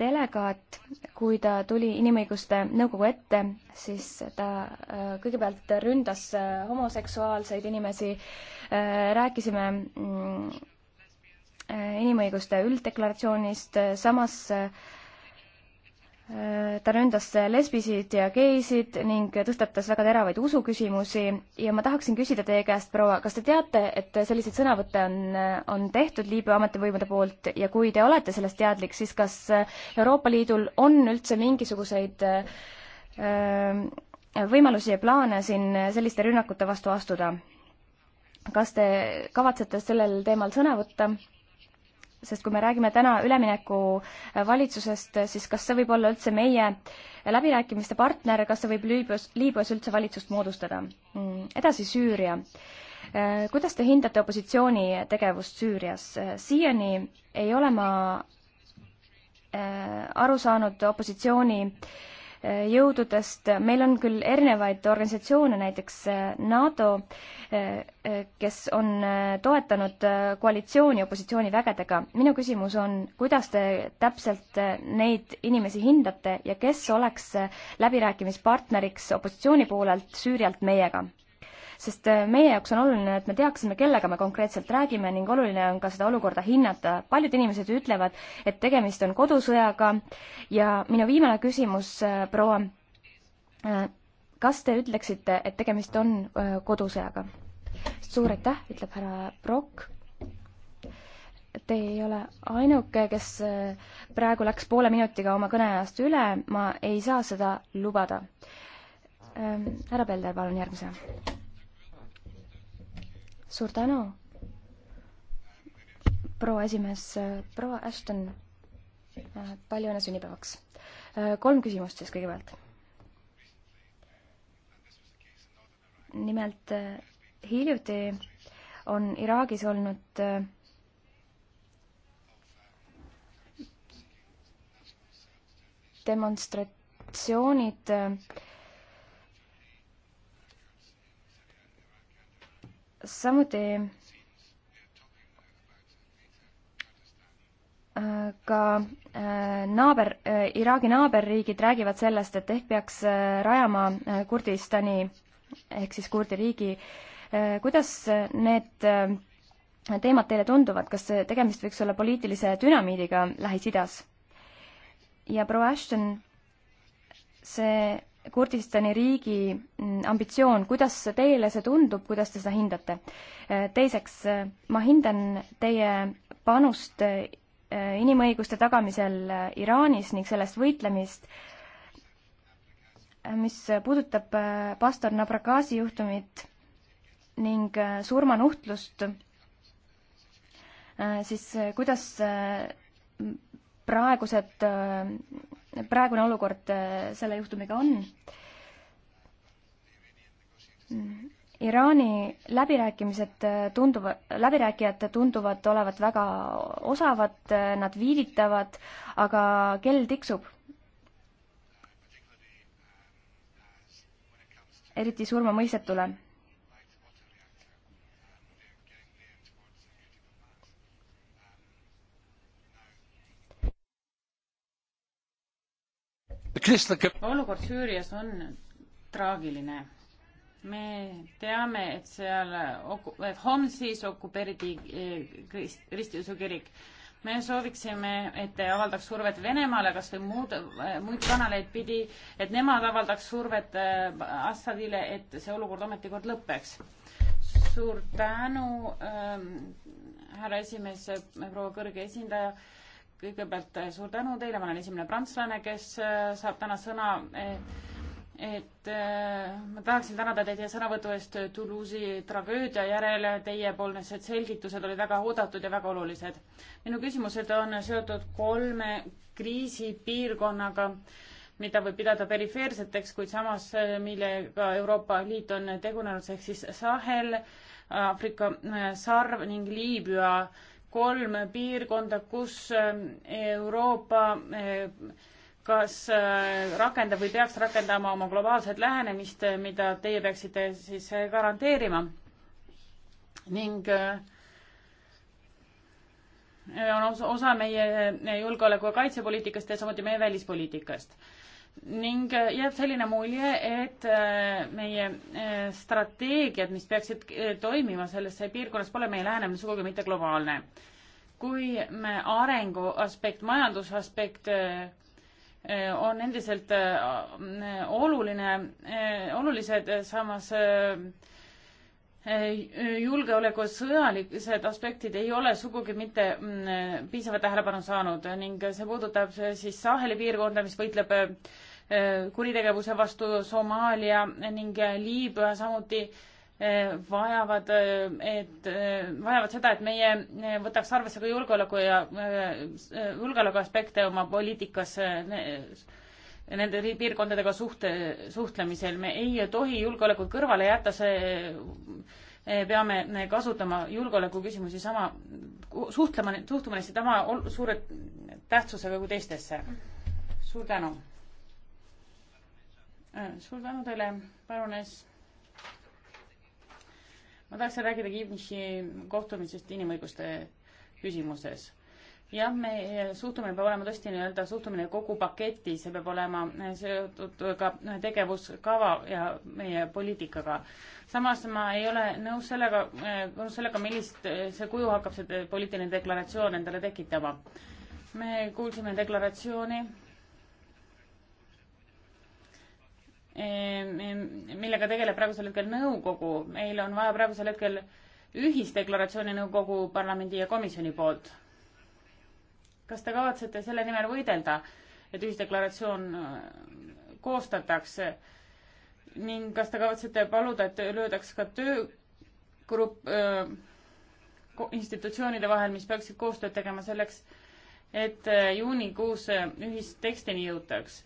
delegaat, kui ta tuli Inimõiguste Nõukogu ette, siis ta äh, kõigepealt ründas äh, homoseksuaalseid inimesi, äh, rääkisime mm, inimõiguste ülddeklaratsioonist, samas ta ründas lesbisid ja geisid ning tõstatas väga teravaid usuküsimusi ja ma tahaksin küsida teie käest, proua, kas te teate, et selliseid sõnavõtte on, on tehtud Liibüa ametivõimude poolt ja kui te olete sellest teadlik, siis kas Euroopa Liidul on üldse mingisuguseid ähm, võimalusi ja plaane siin selliste rünnakute vastu astuda? kas te kavatsete sellel teemal sõna võtta? sest kui me räägime täna ülemineku äh, valitsusest, äh, siis kas see võib olla üldse meie äh, läbirääkimiste partner, kas see võib Liibüas, Liibüas üldse valitsust moodustada? Mm, edasi Süüria. kuidas te hindate opositsiooni tegevust Süürias? siiani ei ole ma aru saanud opositsiooni äh, jõududest. meil on küll erinevaid organisatsioone, näiteks äh, NATO, äh, äh, kes on toetanud koalitsiooni opositsioonivägedega. minu küsimus on, kuidas te täpselt neid inimesi hindate ja kes oleks läbirääkimispartneriks opositsiooni poolelt Süürialt meiega? sest äh, meie jaoks on oluline, et me teaksime, kellega me konkreetselt räägime ning oluline on ka seda olukorda hinnata. paljud inimesed ütlevad, et tegemist on kodusõjaga ja minu viimane küsimus, äh, proua, äh, kas te ütleksite, et tegemist on kodusõjaga? suur aitäh, ütleb härra Brock te ei ole ainuke, kes praegu läks poole minutiga oma kõneajast üle, ma ei saa seda lubada ähm,. härra Pelder, palun järgmise suur tänu, proua esimees, proua Ashton, palju õnne sünnipäevaks. kolm küsimust siis kõigepealt. nimelt hiljuti on Iraagis olnud demonstratsioonid äh, samuti äh, ka äh, naaber, äh, Iraagi naaberriigid räägivad sellest, et ehk peaks rajama Kurdistani ehk siis kurdi riigi. kuidas need teemad teile tunduvad, kas tegemist võiks olla poliitilise dünamiidiga Lähis-Idas? ja proua Ashton, see Kurdistani riigi mm, ambitsioon, kuidas teile see tundub, kuidas te seda hindate? Äh, teiseks, äh, ma hindan teie panust äh, inimõiguste tagamisel Iraanis ning sellest võitlemist, mis puudutab pastor Nabrakasi juhtumit ning surmanuhtlust, siis kuidas praegused praegune olukord äh, selle juhtumiga on. Iraani läbirääkimised äh, tunduvad, läbirääkijad tunduvad olevat väga osavad, äh, nad viivitavad, aga kell tiksub. eriti surmamõistetule kristlikke olukord Süürias on traagiline. me teame, et seal, et Homsis okupeeriti eh, krist-, ristiusu kirik. me sooviksime, et te avaldaks survet Venemaale kas või muud, eh, muid kanaleid pidi, et nemad avaldaks survet eh, Assadile, et see olukord ometi kord lõpeks. suur tänu ähm,, härra esimees, proua kõrge esindaja äh, kõigepealt äh, suur tänu teile, ma olen esimene prantslane, kes äh, saab täna sõna. Eh, et äh, ma tahaksin tänada teid teie sõnavõtu eest Toulouse'i tragöödia järel. Teiepoolsed selgitused olid väga oodatud ja väga olulised. minu küsimused on seotud kolme kriisipiirkonnaga, mida võib pidada perifeerseteks, kuid samas, millega Euroopa Liit on tegunenud, ehk siis Sahel, Aafrika sarv ning Liibüa äh, kolm piirkonda, kus ähm, Euroopa äh, kas äh, rakendab või peaks rakendama oma globaalset lähenemist, äh, mida teie peaksite siis garanteerima. ning on osa meie julgeoleku ja kaitsepoliitikast ja samuti meie välispoliitikast ning äh, jääb selline mulje, et äh, meie äh, strateegiad, mis peaksid toimima selles piirkonnas, pole meie lähenemine sugugi mitte globaalne. kui me arengu aspekt, majandusaspekt on endiselt oluline, olulised, samas julgeoleku sõjalised aspektid ei ole sugugi mitte mm, piisava tähelepanu saanud ning see puudutab siis Saheli piirkonda, mis võitleb äh, Äh, kuritegevuse vastu Somaalia ning Liibüa samuti äh, vajavad, äh, et vajavad seda, et meie võtaks arvesse ka julgeoleku ja julgeoleku aspekte oma poliitikas nende piirkondadega suhte, suhtlemisel. me ei tohi julgeolekut kõrvale jätta, see peame kasutama julgeoleku küsimusi sama, suhtlema, suhtuma neisse sama suure tähtsusega kui teistesse. suur tänu Äh, suur tänu teile, parunes. ma tahaksin rääkida Kivniši kohtumisest inimõiguste küsimuses. jah, meie äh, suhtumine peab olema tõesti nii-öelda suhtumine kogu paketi, see peab olema äh, seotud ka tegevuskava ja meie poliitikaga. samas ma ei ole nõus sellega, nõus sellega, millist see kuju hakkab see poliitiline deklaratsioon endale tekitama. me kuulsime deklaratsiooni millega tegeleb praegusel hetkel nõukogu. meil on vaja praegusel hetkel ühisdeklaratsiooni nõukogu parlamendi ja komisjoni poolt. kas te kavatsete selle nimel võidelda, et ühisdeklaratsioon äh, koostatakse ning kas te kavatsete paluda, et löödaks ka töögrupp äh, institutsioonide vahel, mis peaksid koostööd tegema selleks, et äh, juunikuus äh, ühistekstini jõutaks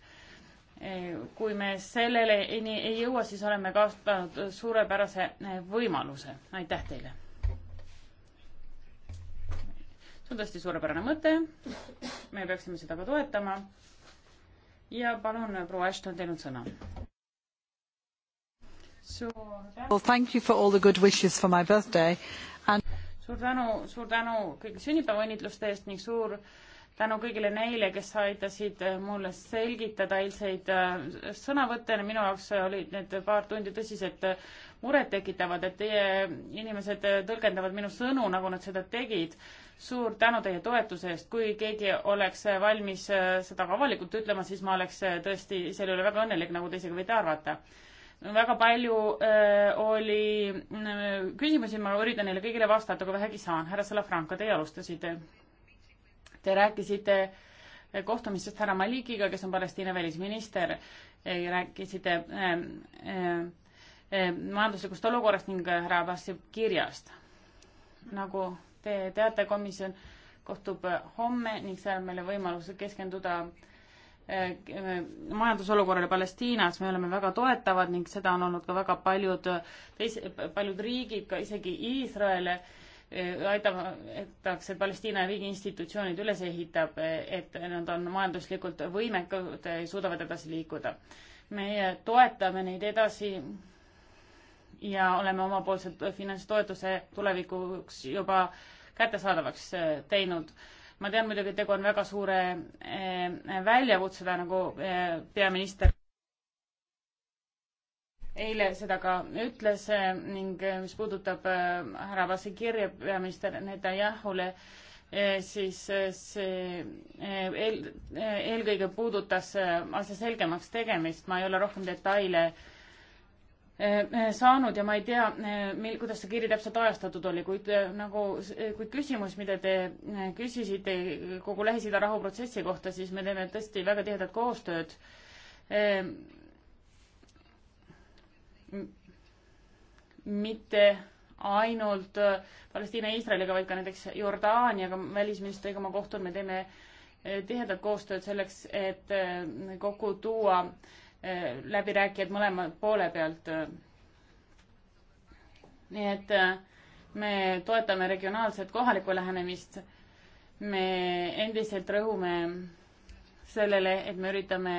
kui me sellele ei, ei jõua, siis oleme kaotanud suurepärase eh, võimaluse. aitäh teile! see on tõesti suurepärane mõte, me peaksime seda ka toetama. ja palun, proua Ashton, teil on sõna. Well, thank you for all the good wishes for my birthday and suur tänu, suur tänu kõigi sünnipäeva õnnitluste eest ning suur äh, tänu kõigile neile, kes aitasid mulle selgitada eilseid äh, sõnavõtte, minu jaoks olid need paar tundi tõsiselt murettekitavad, et teie inimesed tõlgendavad minu sõnu, nagu nad seda tegid. suur tänu teie toetuse eest, kui keegi oleks valmis äh, seda ka avalikult ütlema, siis ma oleks äh, tõesti selle üle väga õnnelik, nagu te isegi võite arvata. väga palju äh, oli äh, küsimusi, ma üritan neile kõigile vastata, kui vähegi saan. härra Salafranco, teie alustasite Te rääkisite kohtumistest härra Malikiga, kes on Palestiina välisminister, rääkisite äh, äh, äh, majanduslikust olukorrast ning härra Abbasi kirjast. nagu te teate, komisjon kohtub homme ning seal meile võimalus keskenduda äh, majandusolukorrale Palestiinas, me oleme väga toetavad ning seda on olnud ka väga paljud teise, paljud riigid, ka isegi Iisrael aidatakse Palestiina riigi institutsioonid üles ehitab, et nad on majanduslikult võimekad, suudavad edasi liikuda. meie toetame neid edasi ja oleme omapoolse finantstoetuse tulevikuks juba kättesaadavaks äh, teinud. ma tean muidugi, et tegu on väga suure äh, väljakutse, nagu äh, peaminister eile seda ka ütles eh, ning eh, mis puudutab eh, härra Vasi kirja peaminister Netanyahule, siis see eel, eelkõige puudutas asja selgemaks tegemist, ma ei ole rohkem detaile saanud ja ma ei tea, mil, kuidas see kiri täpselt ajastatud oli, kuid nagu, kuid küsimus, mida te küsisite kogu Lähis-Ida rahuprotsessi kohta, siis me teeme tõesti väga tihedat koostööd mitte ainult äh, Palestiina ja Iisraeliga, vaid ka näiteks Jordaaniaga, välisministriga ma kohtun, me teeme äh, tihedat koostööd selleks, et äh, kokku tuua läbirääkijad mõlema poole pealt. nii et me toetame regionaalset kohalikku lähenemist. me endiselt rõhume sellele, et me üritame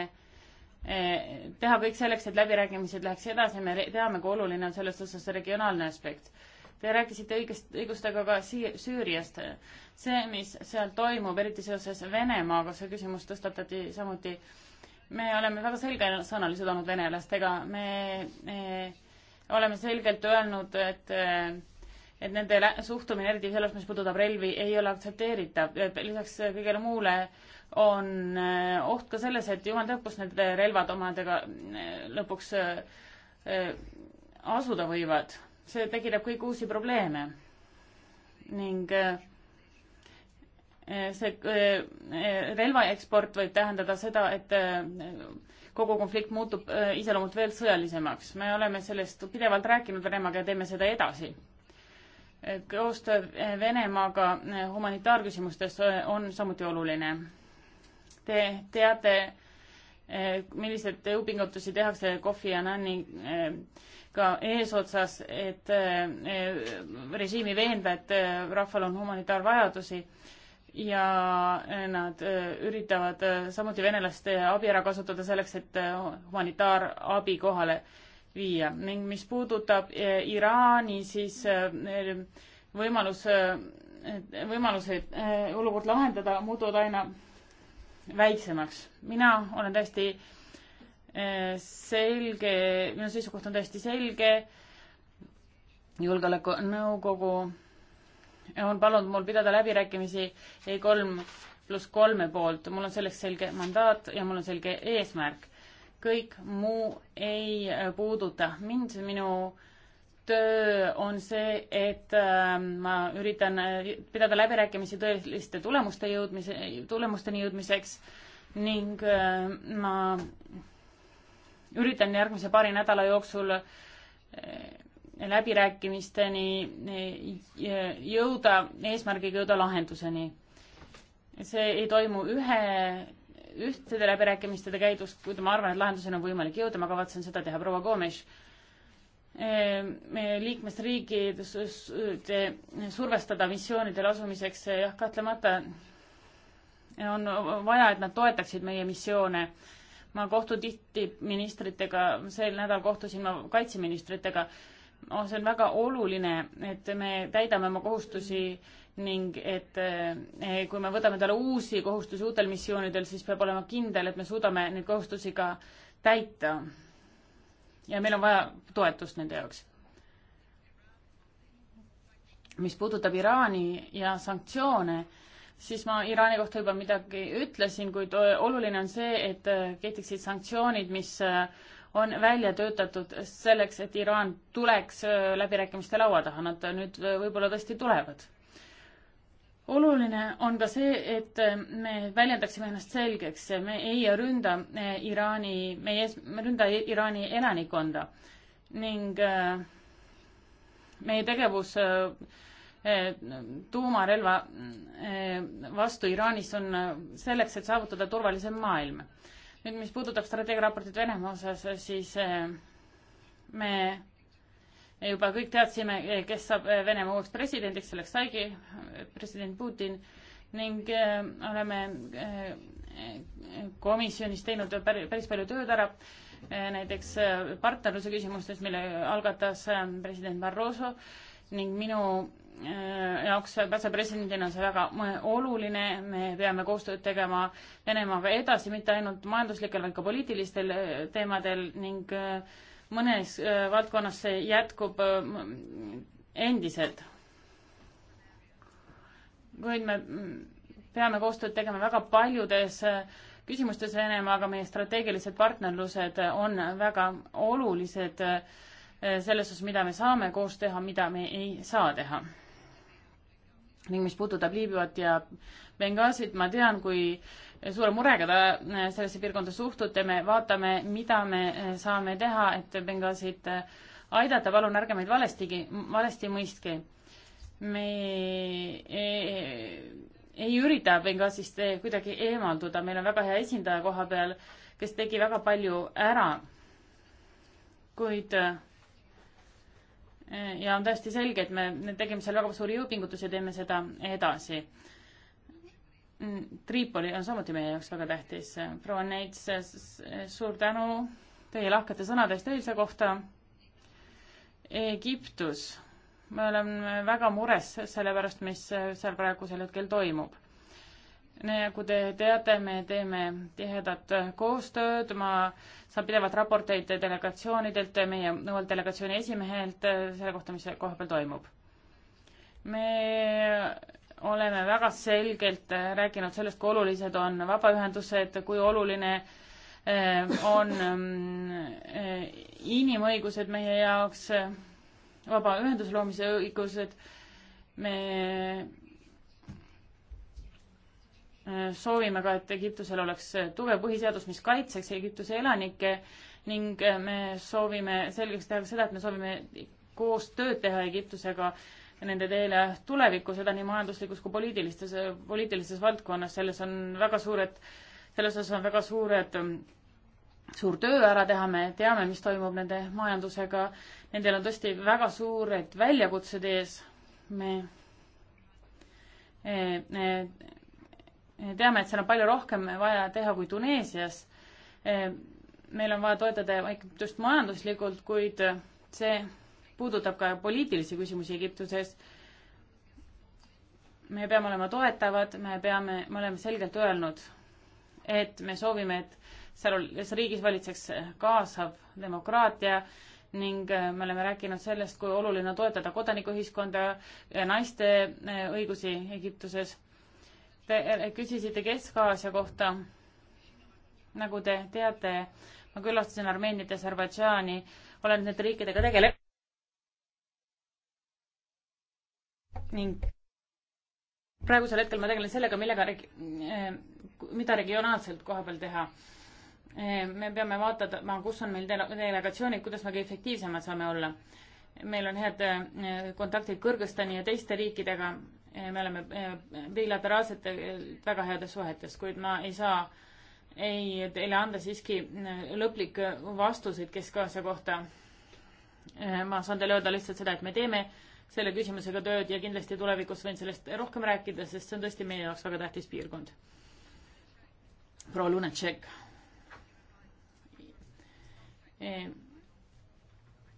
Eh, teha kõik selleks, et läbirääkimised läheks edasi, me teame, kui oluline on selles osas regionaalne aspekt. Te rääkisite õigest, õigustega ka sii-, Süüriast. see, mis seal toimub, eriti seoses Venemaaga, see küsimus tõstatati samuti. me oleme väga selgesõnalised olnud venelastega, me, me oleme selgelt öelnud, et et nende suhtumine, eriti selles, mis puudutab relvi, ei ole aktsepteeritav. lisaks kõigele muule on äh, oht ka selles, et jumal teab, kus need relvad omadega äh, lõpuks äh, asuda võivad. see tekitab kõik uusi probleeme. ning see relvaeksport võib tähendada seda, et kogu konflikt muutub iseloomult veel sõjalisemaks. me oleme sellest pidevalt rääkinud Venemaaga ja teeme seda edasi. koostöö Venemaaga humanitaarküsimustes on samuti oluline Te teate, eh, milliseid jõupingutusi tehakse Kofi Annaniga eh, eesotsas, et eh, režiimi veenda, et rahval on humanitaarvajadusi ja nad üritavad samuti venelaste abi ära kasutada selleks, et humanitaarabi kohale viia ning mis puudutab Iraani, siis võimalus, võimalused olukord lahendada muutuvad aina väiksemaks. mina olen täiesti eh, selge, minu seisukoht on täiesti selge. julgeolekunõukogu on palunud mul pidada läbirääkimisi E kolm pluss kolme poolt, mul on selleks selge mandaat ja mul on selge eesmärk. kõik muu ei puuduta mind, minu äh, töö on see, et ähm, ma üritan äh, pidada läbirääkimisi tõeliste tulemuste jõudmise, tulemusteni jõudmiseks ning äh, ma üritan järgmise paari nädala jooksul äh, läbirääkimisteni jõuda, eesmärgiga jõuda lahenduseni. see ei toimu ühe, ühtede läbirääkimistede käidus, kuid ma arvan, et lahenduseni on võimalik jõuda, ma kavatsen seda teha. proua Gomes Ehm, eh, liikmesriigid survestada missioonidele asumiseks, eh, jah, kahtlemata on vaja, et nad toetaksid meie missioone. ma kohtun tihti ministritega, sel nädalal kohtusin ma kaitseministritega. Oh, see on väga oluline, et me täidame oma kohustusi ning et eh, kui me võtame talle uusi kohustusi uutel missioonidel, siis peab olema kindel, et me suudame neid kohustusi ka täita ja meil on vaja toetust nende jaoks. mis puudutab Iraani ja sanktsioone, siis ma Iraani kohta juba midagi ütlesin, kuid oluline on see, et kehtiksid sanktsioonid, mis äh, on välja töötatud selleks, et Iraan tuleks äh, läbirääkimiste laua taha, nad nüüd äh, võib-olla tõesti tulevad oluline on ka see, et me väljendaksime ennast selgeks, me ei ründa eh, Iraani, me ei ründa Iraani elanikkonda ning eh, meie tegevus eh, tuumarelva vastu Iraanis on selleks, et saavutada turvalisem maailm. nüüd, mis puudutab strateegiaraportit Venemaa osas, siis me me juba kõik teadsime, kes saab eh, Venemaa uueks presidendiks, selleks saigi eh, president Putin ning eh, oleme komisjonis teinud päris palju tööd ära, näiteks partnerluse küsimustes, mille algatas president Barroso ning minu jaoks asepresidendina on see väga oluline, me peame koostööd tegema Venemaaga edasi, mitte ainult majanduslikel, vaid ka poliitilistel teemadel ning äh, mõnes äh, valdkonnas see jätkub äh, endiselt. kuid me mm, peame koostööd tegema väga paljudes äh, küsimustes Venemaaga, meie strateegilised partnerlused on väga olulised selles osas, mida me saame koos teha, mida me ei saa teha. ning mis puudutab Liibüat ja Benghazit, ma tean, kui äh, suure murega ta, äh, sellesse piirkonda suhtute, me vaatame, mida me äh, saame teha, et Benghazi-t äh, aidata, palun ärge meid valestigi, valesti mõistke. me ei, e, ei ürita Benghazist kuidagi eemalduda, meil on väga hea esindaja koha peal, kes tegi väga palju ära, kuid ja on täiesti selge, et me tegime seal väga suuri jõupingutusi ja teeme seda edasi Tripoli on samuti meie jaoks väga tähtis. proua Neits, suur tänu teie lahkete sõnade eest eilse kohta. Egiptus, me oleme väga mures selle pärast, mis seal praegusel hetkel toimub. nagu te teate, me teeme tihedat koostööd, ma saan pidevalt raporteid delegatsioonidelt, meie uuelt delegatsiooni esimehelt selle kohta, mis kohapeal toimub. me oleme väga selgelt äh, rääkinud sellest, kui olulised on vabaühendused, kui oluline äh, on mm, äh, inimõigused meie jaoks, vabaühenduse loomise õigused, me soovime ka, et Egiptusel oleks tugev põhiseadus, mis kaitseks Egiptuse elanikke ning me soovime selgeks teha ka seda, et me soovime koostööd teha Egiptusega äh, ja nende teele tulevikku, seda nii majanduslikus kui poliitilistes, poliitilises valdkonnas, selles on väga suured, selles osas on väga suured, mm, suur töö ära teha, me teame, mis toimub nende majandusega, nendel on tõesti väga suured väljakutsed ees, me eh, teame, et seal on palju rohkem vaja teha kui Tuneesias. Eh, meil on vaja toetada just majanduslikult, kuid see puudutab ka poliitilisi küsimusi Egiptuses. me peame olema toetavad, me peame, me oleme selgelt öelnud, et me soovime, et seal riigis valitseks kaasav demokraatia ning äh, me oleme rääkinud sellest, kui oluline on toetada kodanikuühiskonda ja naiste äh, õigusi Egiptuses. Te äh, küsisite Kesk-Aasia kohta. nagu te teate, ma külastasin Armeeniat ja Aserbaidžaani, olen nende riikidega tegelenud ning praegusel hetkel ma tegelen sellega, millega, äh, mida regionaalselt koha peal teha. Äh, me peame vaatama, kus on meil delegatsioonid, kuidas me ka efektiivsemad saame olla. meil on head äh, kontaktid Kõrgõzstani ja teiste riikidega, me oleme bilateraalselt väga heades suhetes, kuid ma ei saa ei teile anda siiski lõplikke vastuseid keskkaasa kohta. ma saan teile öelda lihtsalt seda, et me teeme äh, selle küsimusega tööd ja kindlasti tulevikus võin sellest rohkem rääkida, sest see on tõesti meie jaoks väga tähtis piirkond. proua Lunatšek. Eh,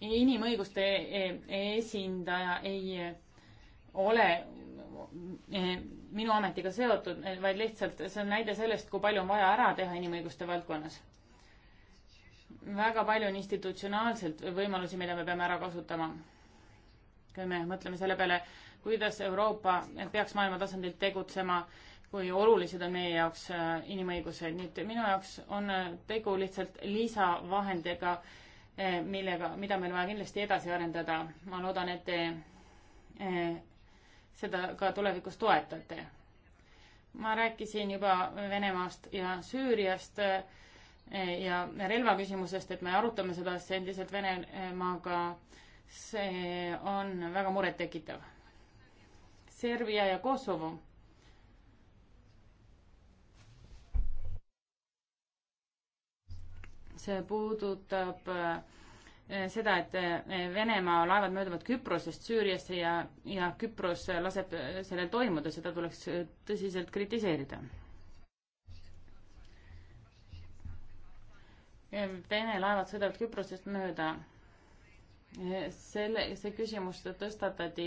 inimõiguste eh, esindaja ei eh, ole minu ametiga seotud, vaid lihtsalt see on näide sellest, kui palju on vaja ära teha inimõiguste valdkonnas. väga palju on institutsionaalselt võimalusi, mida me peame ära kasutama kui me mõtleme selle peale, kuidas Euroopa peaks maailma tasandil tegutsema, kui olulised on meie jaoks äh, inimõigused. nii et minu jaoks on äh, tegu lihtsalt lisavahendiga, äh, millega, mida meil vaja kindlasti edasi arendada. ma loodan, et te seda ka tulevikus toetate. ma rääkisin juba Venemaast ja Süüriast ja relvaküsimusest, et me arutame seda asja endiselt Venemaaga äh, see on väga murettekitav. Serbia ja Kosovo. see puudutab eh, seda, et eh, Venemaa laevad mööduvad Küprosest Süüriasse ja, ja Küpros laseb eh, sellel toimuda, seda tuleks tõsiselt kritiseerida Vene laevad sõidavad Küprosest mööda selle, see küsimus tõstatati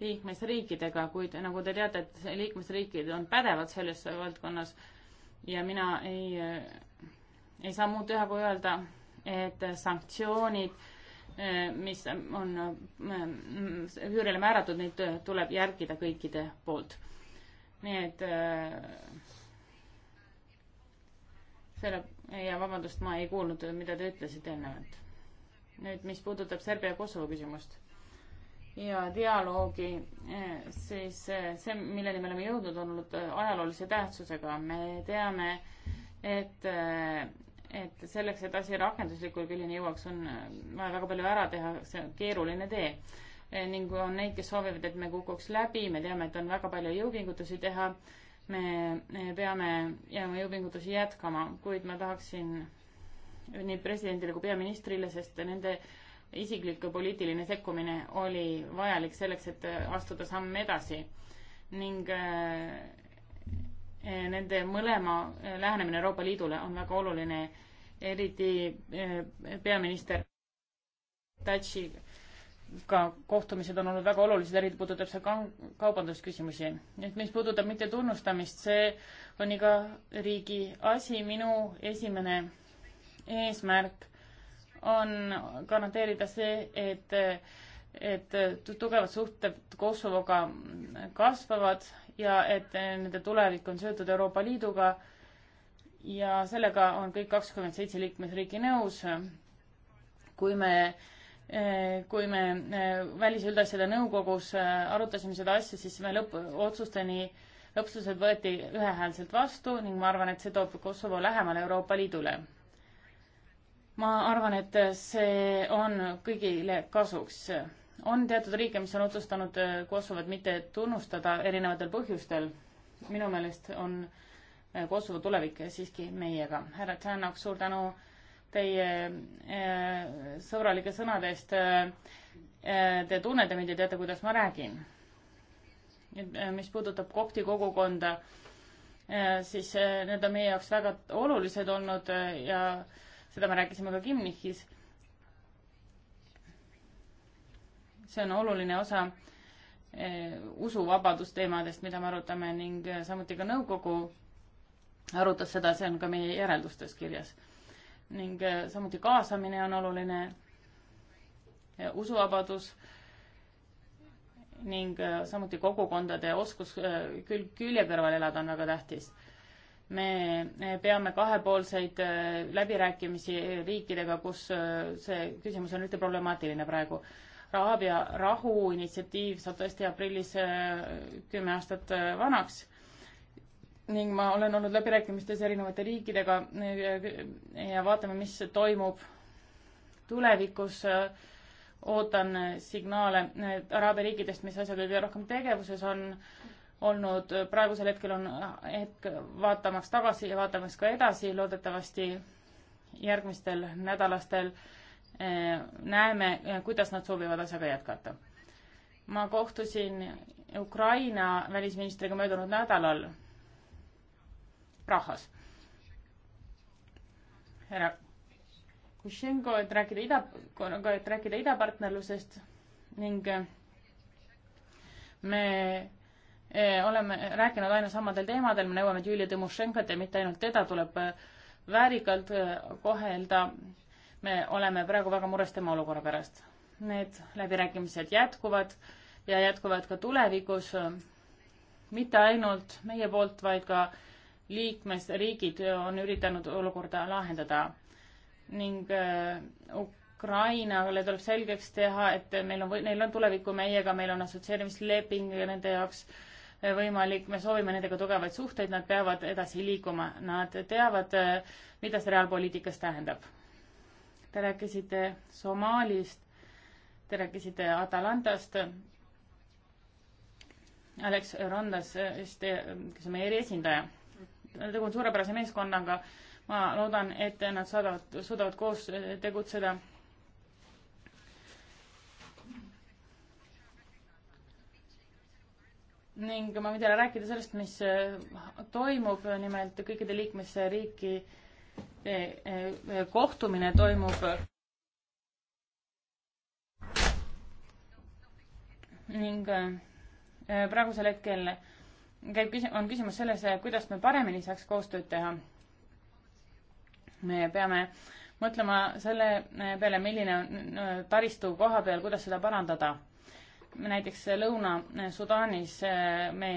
liikmesriikidega, kuid nagu te teate, et liikmesriigid on pädevad selles valdkonnas ja mina ei, ei saa muud teha, kui öelda, et sanktsioonid, mis on üürile määratud, neid tuleb järgida kõikide poolt. nii et selle ja vabandust, ma ei kuulnud, mida te ütlesite eelnevalt nüüd, mis puudutab Serbia-Kosovo küsimust ja dialoogi, eh, siis eh, see, milleni me oleme jõudnud, on olnud eh, ajaloolise tähtsusega. me teame, et, et selleks, et asi rakenduslikul küljeni jõuaks, on vaja väga palju ära teha, see on keeruline tee. ning on neid, kes soovivad, et me kukuks läbi, me teame, et on väga palju jõupingutusi teha. me peame jääma jõupingutusi jätkama, kuid ma tahaksin nii presidendile kui peaministrile, sest nende isiklik poliitiline sekkumine oli vajalik selleks, et astuda samm edasi ning äh, nende mõlema äh, lähenemine Euroopa Liidule on väga oluline, eriti äh, peaminister Tatsiga kohtumised on olnud väga olulised, eriti puudutab see kaubandusküsimusi. nüüd, mis puudutab mittetunnustamist, see on iga riigi asi, minu esimene eesmärk on garanteerida see, et, et tugevad suhted Kosovoga kasvavad ja et nende tulevik on seotud Euroopa Liiduga ja sellega on kõik kakskümmend seitse liikmesriiki nõus. kui me, kui me Välisüldasjade Nõukogus arutasime seda asja, siis me lõppotsusteni, lõppsused võeti ühehäälselt vastu ning ma arvan, et see toob Kosovo lähemale Euroopa Liidule ma arvan, et see on kõigile kasuks. on teatud riike, mis on otsustanud äh, Kosovot mitte tunnustada erinevatel põhjustel. minu meelest on äh, Kosovo tulevik siiski meiega. härra Tšernok, suur tänu teie äh, sõbralike sõnade eest. Te tunnete mind ja teate, kuidas ma räägin. mis puudutab kopti kogukonda, siis need on meie jaoks väga olulised olnud ja äh, seda me rääkisime ka Kimnichis. see on oluline osa eh, usuvabadusteemadest, mida me arutame ning eh, samuti ka nõukogu arutas seda, see on ka meie järeldustes kirjas. ning eh, samuti kaasamine on oluline eh,, usuvabadus ning eh, samuti kogukondade oskus eh, külg külje kõrval elada on väga tähtis me peame kahepoolseid äh, läbirääkimisi riikidega, kus äh, see küsimus on üldse problemaatiline praegu. Araabia rahuinitsiatiiv saab tõesti aprillis äh, kümme aastat vanaks ning ma olen olnud läbirääkimistes erinevate riikidega ja vaatame, mis toimub tulevikus. ootan signaale Araabia riikidest, mis asja kõige rohkem tegevuses on olnud, praegusel hetkel on hetk vaatamaks tagasi ja vaatamaks ka edasi, loodetavasti järgmistel nädalastel eh, näeme, kuidas nad soovivad asjaga jätkata. ma kohtusin Ukraina välisministriga möödunud nädalal Prahas. härra Kušenko, et rääkida ida, et rääkida idapartnerlusest ning me Eh, oleme rääkinud aina samadel teemadel, me nõuame Julia Tõmušenkat ja mitte ainult teda tuleb eh, väärikalt eh, kohelda. me oleme praegu väga mures tema olukorra pärast. Need läbirääkimised jätkuvad ja jätkuvad ka tulevikus. mitte ainult meie poolt, vaid ka liikmesriigid on üritanud olukorda lahendada ning Ukrainale tuleb selgeks teha, et meil on, neil on tulevikku meiega, meil on assotsieerimisleping nende jaoks võimalik, me soovime nendega tugevaid suhteid, nad peavad edasi liikuma, nad teavad, mida see reaalpoliitikas tähendab. Te rääkisite Somaalist, te rääkisite Atalantast. Alex Rondas, kes on meie eriesindaja, tegu on suurepärase meeskonnaga, ma loodan, et nad saadavad, suudavad koos tegutseda ning ma võin teile rääkida sellest, mis eh, toimub, nimelt kõikide liikmesriiki eh, eh, kohtumine toimub ning praegusel hetkel käib küsi-, on küsimus selles, kuidas me paremini saaks koostööd teha. me peame mõtlema selle peale, milline on taristu koha peal, kuidas seda parandada näiteks Lõuna-Sudaanis eh, me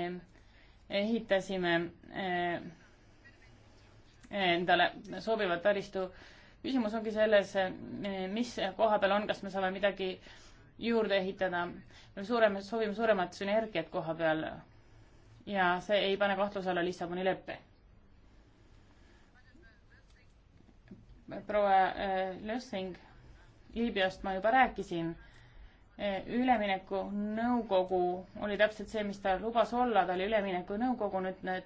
ehitasime eh, eh, endale sobivat taristu. küsimus ongi selles, mis koha peal on, kas me saame midagi juurde ehitada. me suurem, soovime suuremat sünergiat koha peal ja see ei pane kahtluse alla Lissaboni leppe. proua Lössing, Liibüast ma juba rääkisin üleminekunõukogu oli täpselt see, mis ta lubas olla, ta oli üleminekunõukogu, nüüd need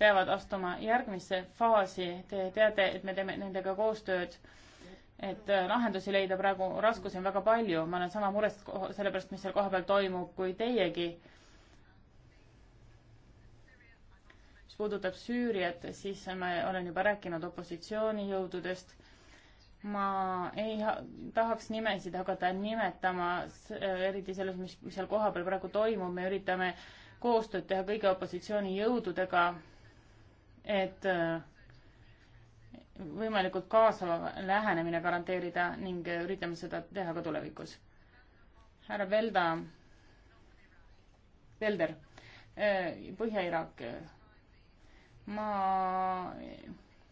peavad astuma järgmisse faasi. Te teate, et me teeme nendega koostööd, et äh, lahendusi leida praegu, raskusi on väga palju, ma olen sama mures selle pärast, mis seal kohapeal toimub, kui teiegi. mis puudutab Süüriat, siis me, olen juba rääkinud opositsioonijõududest ma ei tahaks nimesid hakata nimetama, äh, eriti selles, mis, mis seal kohapeal praegu toimub, me üritame koostööd teha kõigi opositsioonijõududega, et äh, võimalikult kaasava lähenemine garanteerida ning üritame seda teha ka tulevikus. härra Velda, Velder, äh, Põhja-Iraak, ma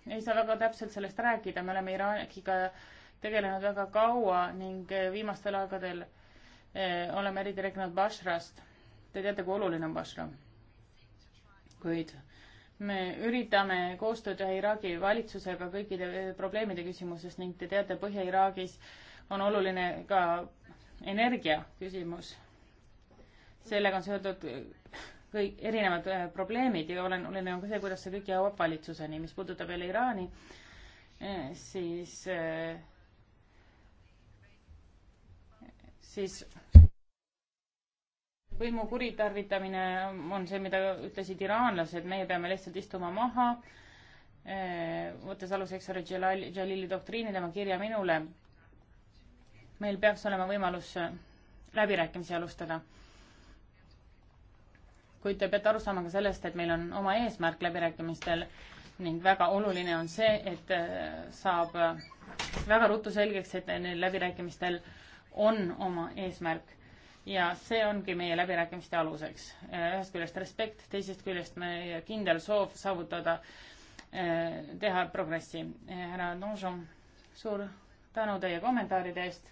ei saa väga täpselt sellest rääkida, me oleme Iraaniga tegelenud väga kaua ning eh, viimastel aegadel eh, oleme eriti rääkinud Bashrast. Te teate, kui oluline on Bashra. kuid me üritame koostööd teha Iraagi valitsusega kõikide eh, probleemide küsimuses ning te teate, Põhja-Iraagis on oluline ka energia küsimus. sellega on seotud kõik erinevad äh, probleemid ja olen, oluline on ka nagu see, kuidas see kõik jõuab valitsuseni. mis puudutab jälle Iraani, äh, siis, äh, siis võimu kuritarvitamine on see, mida ütlesid iraanlased, meie peame lihtsalt istuma maha, võttes aluseks härra Jalali, Jalili doktriini, tema kirja minule. meil peaks olema võimalus läbirääkimisi alustada kuid te peate aru saama ka sellest, et meil on oma eesmärk läbirääkimistel ning väga oluline on see, et äh, saab äh, väga ruttu selgeks, et neil läbirääkimistel on oma eesmärk ja see ongi meie läbirääkimiste aluseks. Äh, ühest küljest respekt, teisest küljest meie kindel soov saavutada, teha progressi. härra Donjon, suur tänu teie kommentaaride eest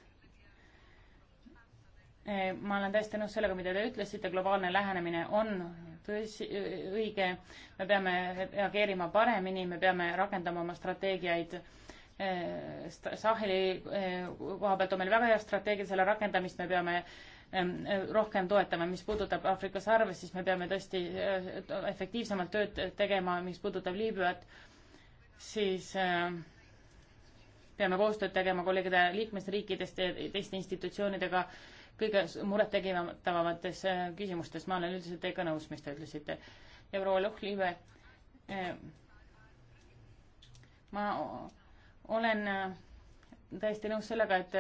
Eh, ma olen täiesti nõus sellega, mida te ütlesite, globaalne lähenemine on tõsi, õige, me peame reageerima paremini, me peame rakendama oma strateegiaid. Eh, Saheli eh, koha pealt on meil väga hea strateegia, selle rakendamist me peame rohkem toetama, mis puudutab Aafrika sarve, siis me peame tõesti efektiivsemalt tööd tegema, mis puudutab Liibüat, siis peame koostööd tegema kolleegide liikmesriikidest ja teiste institutsioonidega kõige murettegevamates äh, küsimustes, ma olen üldiselt teiega nõus, mis te ütlesite. ja proua Luhliive, äh, ma olen äh, täiesti nõus sellega, et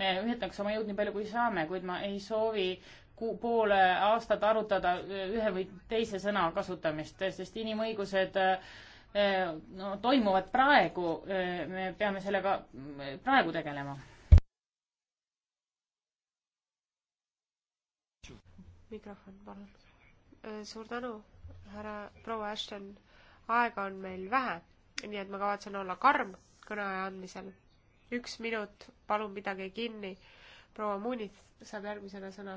me ühendaks oma jõud nii palju, kui saame, kuid ma ei soovi kuu, poole aastat arutada ühe või teise sõna kasutamist, sest inimõigused no, toimuvad praegu, me peame sellega praegu tegelema mikrofon, palun. Äh, suur tänu, härra, proua Ashton. aega on meil vähe, nii et ma kavatsen olla karm kõneaja andmisel. üks minut, palun pidage kinni. proua Muunits saab järgmisena sõna.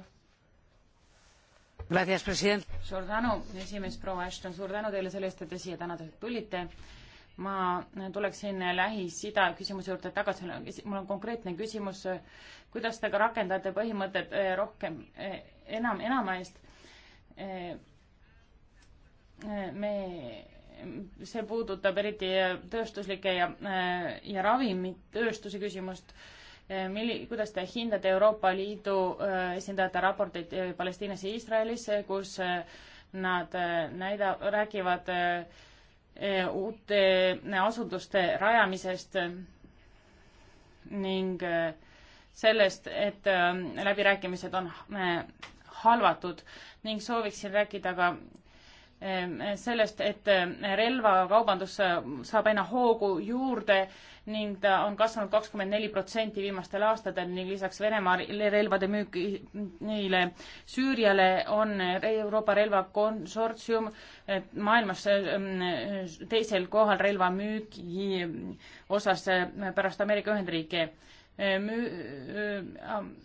suur tänu, esimees proua Ashton, suur tänu teile selle eest, et te siia täna tulite ma tuleksin Lähis-Ida küsimuse juurde tagasi, mul on konkreetne küsimus, kuidas te ka rakendate põhimõtet rohkem enam enama eest. me, see puudutab eriti tööstuslike ja, ja ravimitööstuse küsimust. Milli-, kuidas te hindate Euroopa Liidu eh, esindajate raporteid eh, Palestiinas ja Iisraelis, eh, kus nad näida-, räägivad uute asunduste rajamisest ning sellest, et läbirääkimised on halvatud ning sooviksin rääkida ka ehm, sellest, et ehm, relvakaubandus ehm, saab aina hoogu juurde ning ta on kasvanud kakskümmend neli protsenti viimastel aastatel ning lisaks Venemaa relvade müük neile Süüriale on Euroopa relvakonsortsium maailmas teisel kohal relvamüügi osas pärast Ameerika Ühendriike müü-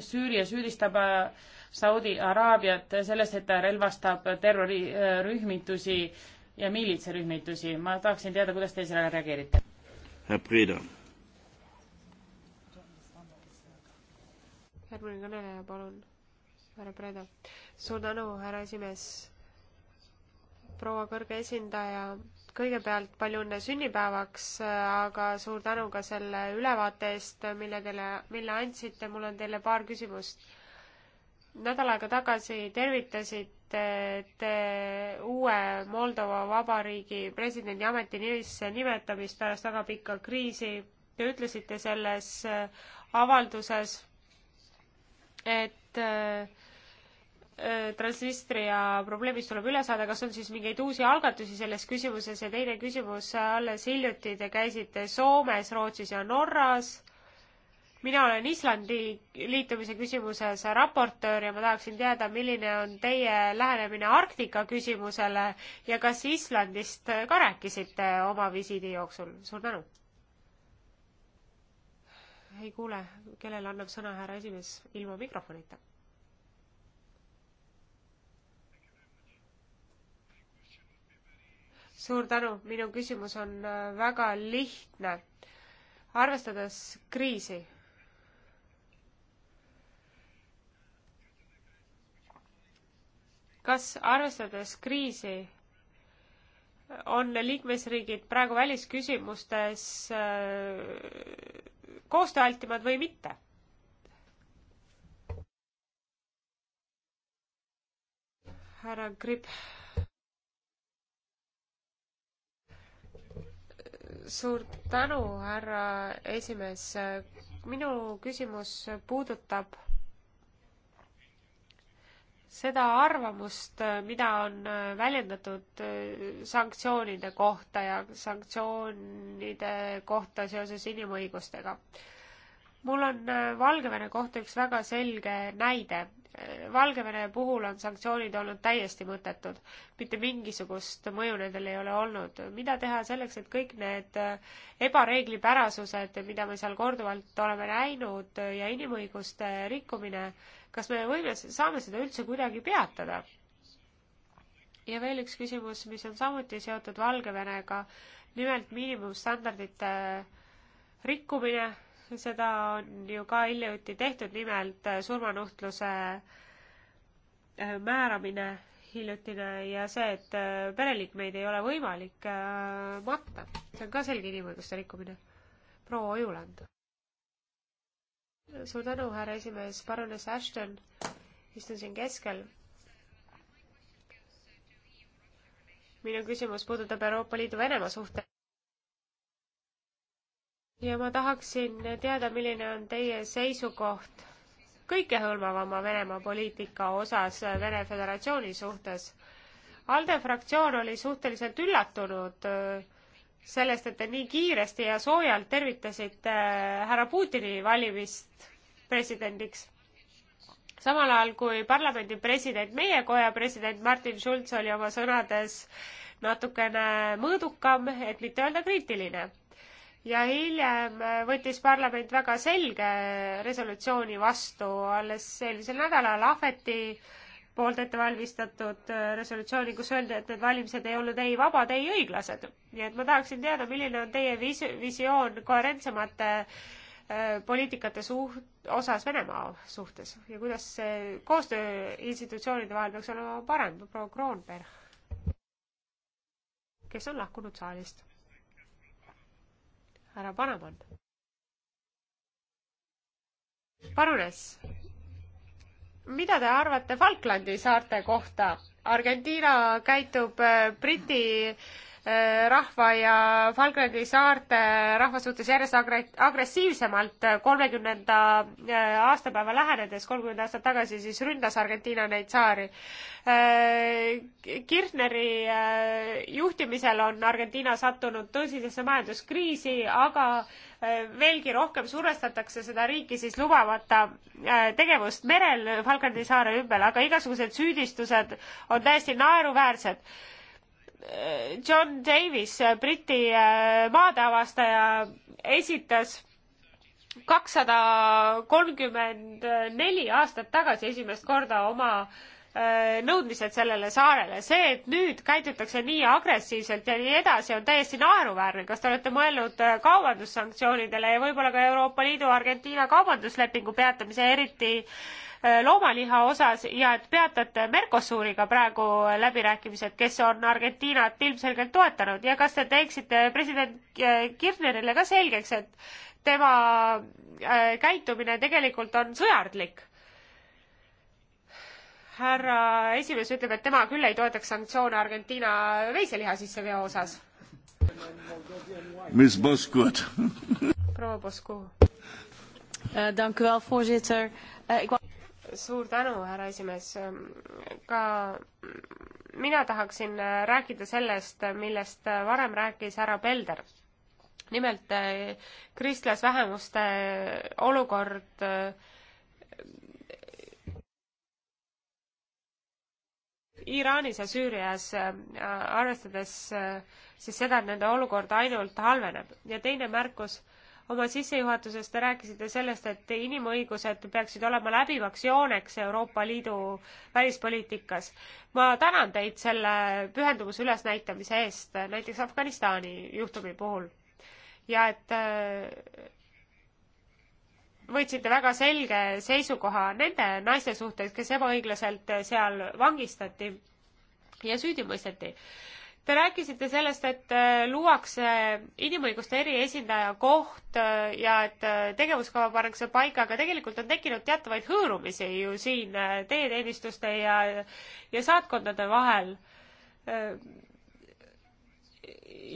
Süüria süüdistab äh, Saudi Araabiat selles, et ta relvastab terrorirühmitusi äh, ja miilitserühmitusi. ma tahaksin teada, kuidas te sellele reageerite? härra Priida. järgmine kõneleja, palun. härra Priida. suur tänu, härra esimees. proua kõrge esindaja kõigepealt palju õnne sünnipäevaks, aga suur tänu ka selle ülevaate eest, mille teile, mille andsite, mul on teile paar küsimust. nädal aega tagasi tervitasite te uue Moldova Vabariigi presidendi ametisse nimetamist pärast väga pikka kriisi. Te ütlesite selles avalduses, et äh, Äh, Transnistria probleemist tuleb üle saada, kas on siis mingeid uusi algatusi selles küsimuses ja teine küsimus, alles hiljuti te käisite Soomes, Rootsis ja Norras. mina olen Islandi liitumise küsimuses raportöör ja ma tahaksin teada, milline on teie lähenemine Arktika küsimusele ja kas Islandist ka rääkisite oma visiidi jooksul? suur tänu! ei kuule, kellele annab sõna härra esimees ilma mikrofonita suur tänu, minu küsimus on äh, väga lihtne. arvestades kriisi, kas arvestades kriisi on liikmesriigid praegu välisküsimustes äh, koostööaltimad või mitte? härra Gripp suur tänu, härra esimees. minu küsimus puudutab seda arvamust, mida on väljendatud sanktsioonide kohta ja sanktsioonide kohta seoses inimõigustega. mul on Valgevene kohta üks väga selge näide. Valgevene puhul on sanktsioonid olnud täiesti mõttetud, mitte mingisugust mõju nendel ei ole olnud. mida teha selleks, et kõik need äh, ebareeglipärasused, mida me seal korduvalt oleme näinud äh, ja inimõiguste rikkumine, kas me võime, saame seda üldse kuidagi peatada? ja veel üks küsimus, mis on samuti seotud Valgevenega, nimelt miinimumstandardite rikkumine seda on ju ka hiljuti tehtud, nimelt äh, surmanuhtluse äh, määramine hiljutine ja see, et äh, pereliikmeid ei ole võimalik matta, see on ka selge inimõiguste rikkumine. proua Ojuland. suur tänu, härra esimees, parunes Ashton, istun siin keskel. minu küsimus puudutab Euroopa Liidu Venemaa suhte ja ma tahaksin teada, milline on teie seisukoht kõikehõlmavama Venemaa poliitika osas Vene Föderatsiooni suhtes. ALDE fraktsioon oli suhteliselt üllatunud äh, sellest, et te nii kiiresti ja soojalt tervitasite äh, härra Putini valimist presidendiks. samal ajal kui parlamendi president, meie koja president Martin Schulz oli oma sõnades natukene mõõdukam, et mitte öelda kriitiline ja hiljem äh, võttis parlament väga selge resolutsiooni vastu alles eelmisel nädalal Ahveti poolt ette valmistatud äh, resolutsiooni, kus öeldi, et need valimised ei olnud ei vabad, ei õiglased. nii et ma tahaksin teada, milline on teie vis-, visioon koherentsemate äh, poliitikate suht-, osas Venemaa suhtes ja kuidas see koostöö institutsioonide vahel peaks olema parem, proua Kroonberg, kes on lahkunud saalist härra Panamand. parunes, mida te arvate Falklandi saarte kohta? Argentiina käitub äh, Briti äh, rahva ja Falklandi saarte rahva suhtes järjest agressiivsemalt kolmekümnenda äh, aastapäeva lähenedes, kolmkümmend aastat tagasi siis ründas Argentiina neid saari. Äh, Kirchneri äh, juhtimisel on Argentiina sattunud tõsisesse majanduskriisi, aga veelgi rohkem survestatakse seda riiki siis lubamata tegevust merel Falklandi saare ümber, aga igasugused süüdistused on täiesti naeruväärsed John Davis, Briti äh, maadeavastaja, esitas kakssada kolmkümmend neli aastat tagasi esimest korda oma äh, nõudmised sellele saarele. see, et nüüd käitutakse nii agressiivselt ja nii edasi, on täiesti naeruväärne. kas te olete mõelnud äh, kaubandussanktsioonidele ja võib-olla ka Euroopa Liidu Argentiina kaubanduslepingu peatamise, eriti äh, Äh, loomaliha osas ja et peatate Mercosuriga praegu läbirääkimised, kes on Argentiinat ilmselgelt toetanud ja kas te teeksite president äh, Kirchnerile ka selgeks, et tema äh, käitumine tegelikult on sõjardlik? härra esimees ütleb, et tema küll ei toetaks sanktsioone Argentiina veiseliha sisseveo osas. Miss Boskut proua Bosku. Dank u wel, voorzitter. Uh, ik suur tänu, härra esimees. ka mina tahaksin rääkida sellest, millest varem rääkis härra Pelder. nimelt kristlasvähemuste olukord Iraanis ja Süürias, arvestades siis seda, et nende olukord ainult halveneb. ja teine märkus oma sissejuhatuses te rääkisite sellest, et inimõigused peaksid olema läbivaks jooneks Euroopa Liidu välispoliitikas. ma tänan teid selle pühendumuse ülesnäitamise eest, näiteks Afganistani juhtumi puhul. ja et äh, võtsite väga selge seisukoha nende naiste suhtes, kes ebaõiglaselt seal vangistati ja süüdi mõisteti Te rääkisite sellest, et äh, luuakse inimõiguste eriesindaja koht äh, ja et äh, tegevuskava pannakse paika, aga tegelikult on tekkinud teatavaid hõõrumisi ju siin teie teenistuste ja, ja saatkondade vahel.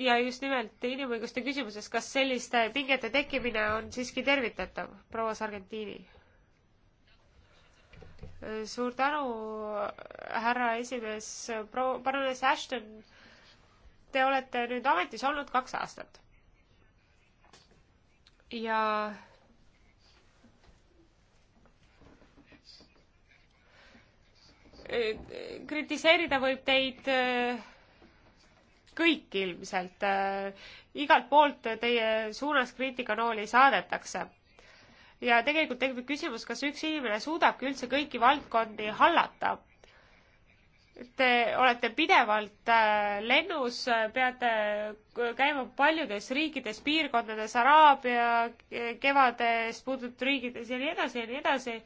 ja just nimelt inimõiguste küsimuses, kas selliste pingete tekkimine on siiski tervitatav, proua Sargentini? suur tänu, härra esimees, proua, baroness Ashton Te olete nüüd ametis olnud kaks aastat. ja kritiseerida võib teid äh, kõik ilmselt. Äh, igalt poolt teie suunas kriitikanooli saadetakse. ja tegelikult tekib küsimus, kas üks inimene suudabki üldse kõiki valdkondi hallata Te olete pidevalt äh, lennus, äh, peate käima paljudes riikides, piirkondades, Araabia kevades puudutatud riikides ja nii edasi ja nii edasi.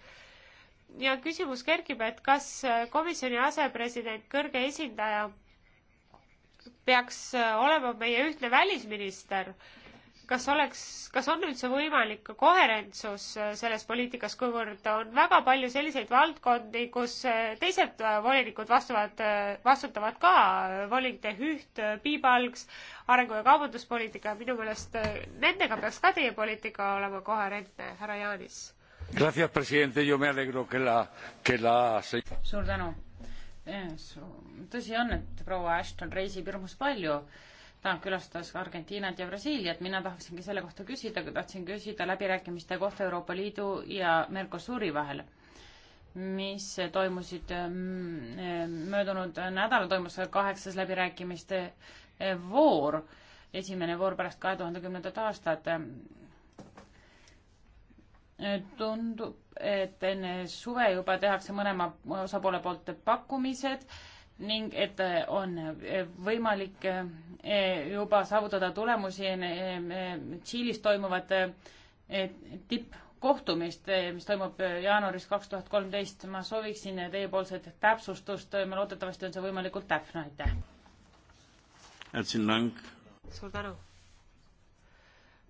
ja küsimus kerkib, et kas äh, komisjoni asepresident, kõrge esindaja peaks olema meie ühtne välisminister äh, kas oleks, kas on üldse võimalik koherentsus äh, selles poliitikas, kuivõrd on väga palju selliseid valdkondi, kus äh, teised äh, volinikud vastuvad, vastutavad ka, volinik teeb üht, piibalgs, arengu- ja kaubanduspoliitika, minu meelest nendega peaks ka teie poliitika olema koherentne, härra Jaanis. suur tänu. tõsi on, et proua Ashton reisib hirmus palju ta külastas Argentiinat ja Brasiiliat, mina tahaksingi selle kohta küsida, tahtsin küsida läbirääkimiste kohta Euroopa Liidu ja Mercosuri vahel, mis toimusid mm, eh, möödunud nädalal, toimus kaheksas läbirääkimiste eh, voor, esimene voor pärast kahe tuhande kümnendat aastat. Eh, tundub, et enne suve juba tehakse mõlema osapoole poolt pakkumised ning et on võimalik eh, juba saavutada tulemusi eh, eh, Tšiilis toimuvat tippkohtumist, mis toimub jaanuaris kaks tuhat kolmteist. ma sooviksin teiepoolset täpsustust, loodetavasti on see võimalikult täpne, aitäh. suur tänu.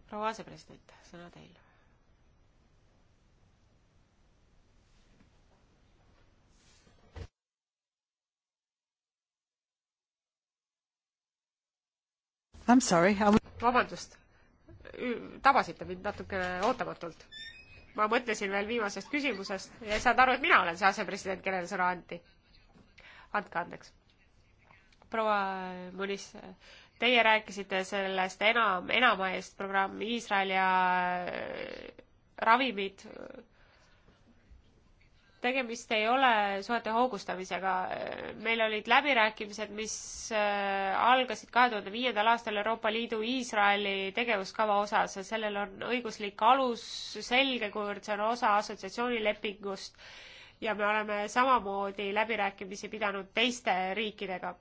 proua asepresident, sõna teile I m sorry I.... vabandust, tabasite mind natukene ootamatult. ma mõtlesin veel viimasest küsimusest ja saad aru, et mina olen see asepresident, kellele sõna anti. andke andeks. proua Mõnis, teie rääkisite sellest enam, enama eest programmi Iisrael ja äh, ravimid tegemist ei ole suhete hoogustamisega. meil olid läbirääkimised, mis äh, algasid kahe tuhande viiendal aastal Euroopa Liidu Iisraeli tegevuskava osas ja sellel on õiguslik alus selge, kuivõrd see on osa assotsiatsioonilepingust ja me oleme samamoodi läbirääkimisi pidanud teiste riikidega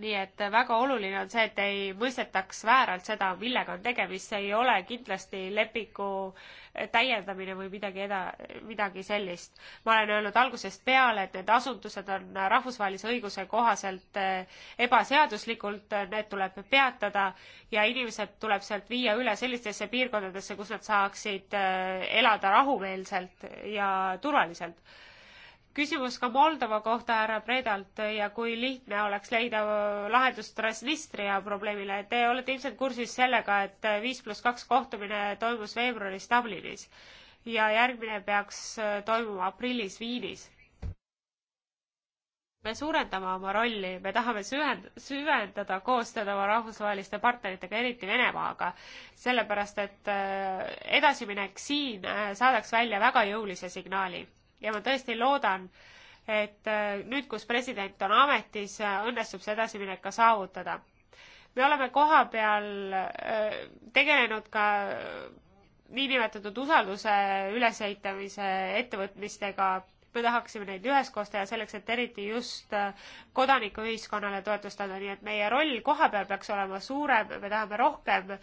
nii et väga oluline on see, et ei mõistetaks vääralt seda, millega on tegemist, see ei ole kindlasti lepingu täiendamine või midagi eda-, midagi sellist. ma olen öelnud algusest peale, et need asundused on rahvusvahelise õiguse kohaselt eh, ebaseaduslikult, eh, need tuleb peatada ja inimesed tuleb sealt viia üle sellistesse piirkondadesse, kus nad saaksid eh, elada rahumeelselt ja turvaliselt küsimus ka Moldova kohta härra Predalt ja kui lihtne oleks leida lahendus Transnistria probleemile. Te olete ilmselt kursis sellega, et viis pluss kaks kohtumine toimus veebruaris Dublinis ja järgmine peaks toimuma aprillis Viinis. me suurendame oma rolli, me tahame süvend-, süvendada koostööd oma rahvusvaheliste partneritega, eriti Venemaaga, sellepärast et eh, edasiminek siin eh, saadaks välja väga jõulise signaali ja ma tõesti loodan, et äh, nüüd, kus president on ametis, äh, õnnestub see edasiminek ka saavutada. me oleme koha peal äh, tegelenud ka niinimetatud usalduse ülesehitamise ettevõtmistega, me tahaksime neid üheskoos teha selleks, et eriti just kodanikuühiskonnale toetust anda, nii et meie roll koha peal peaks olema suurem, me tahame rohkem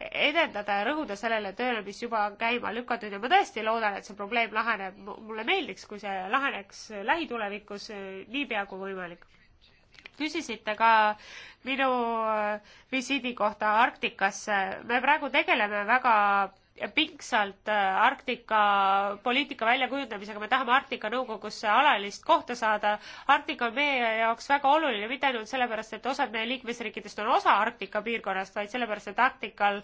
edendada ja rõhuda sellele tööle, mis juba on käima lükatud ja ma tõesti loodan, et see probleem laheneb. mulle meeldiks, kui see laheneks lähitulevikus niipea kui võimalik. küsisite ka minu äh, visiidi kohta Arktikasse. me praegu tegeleme väga pingsalt äh, Arktika poliitika väljakujundamisega, me tahame Arktika Nõukogusse alalist kohta saada. Arktika on meie jaoks väga oluline, mitte ainult sellepärast, et osad meie liikmesriikidest on osa Arktika piirkonnast, vaid sellepärast, et Arktikal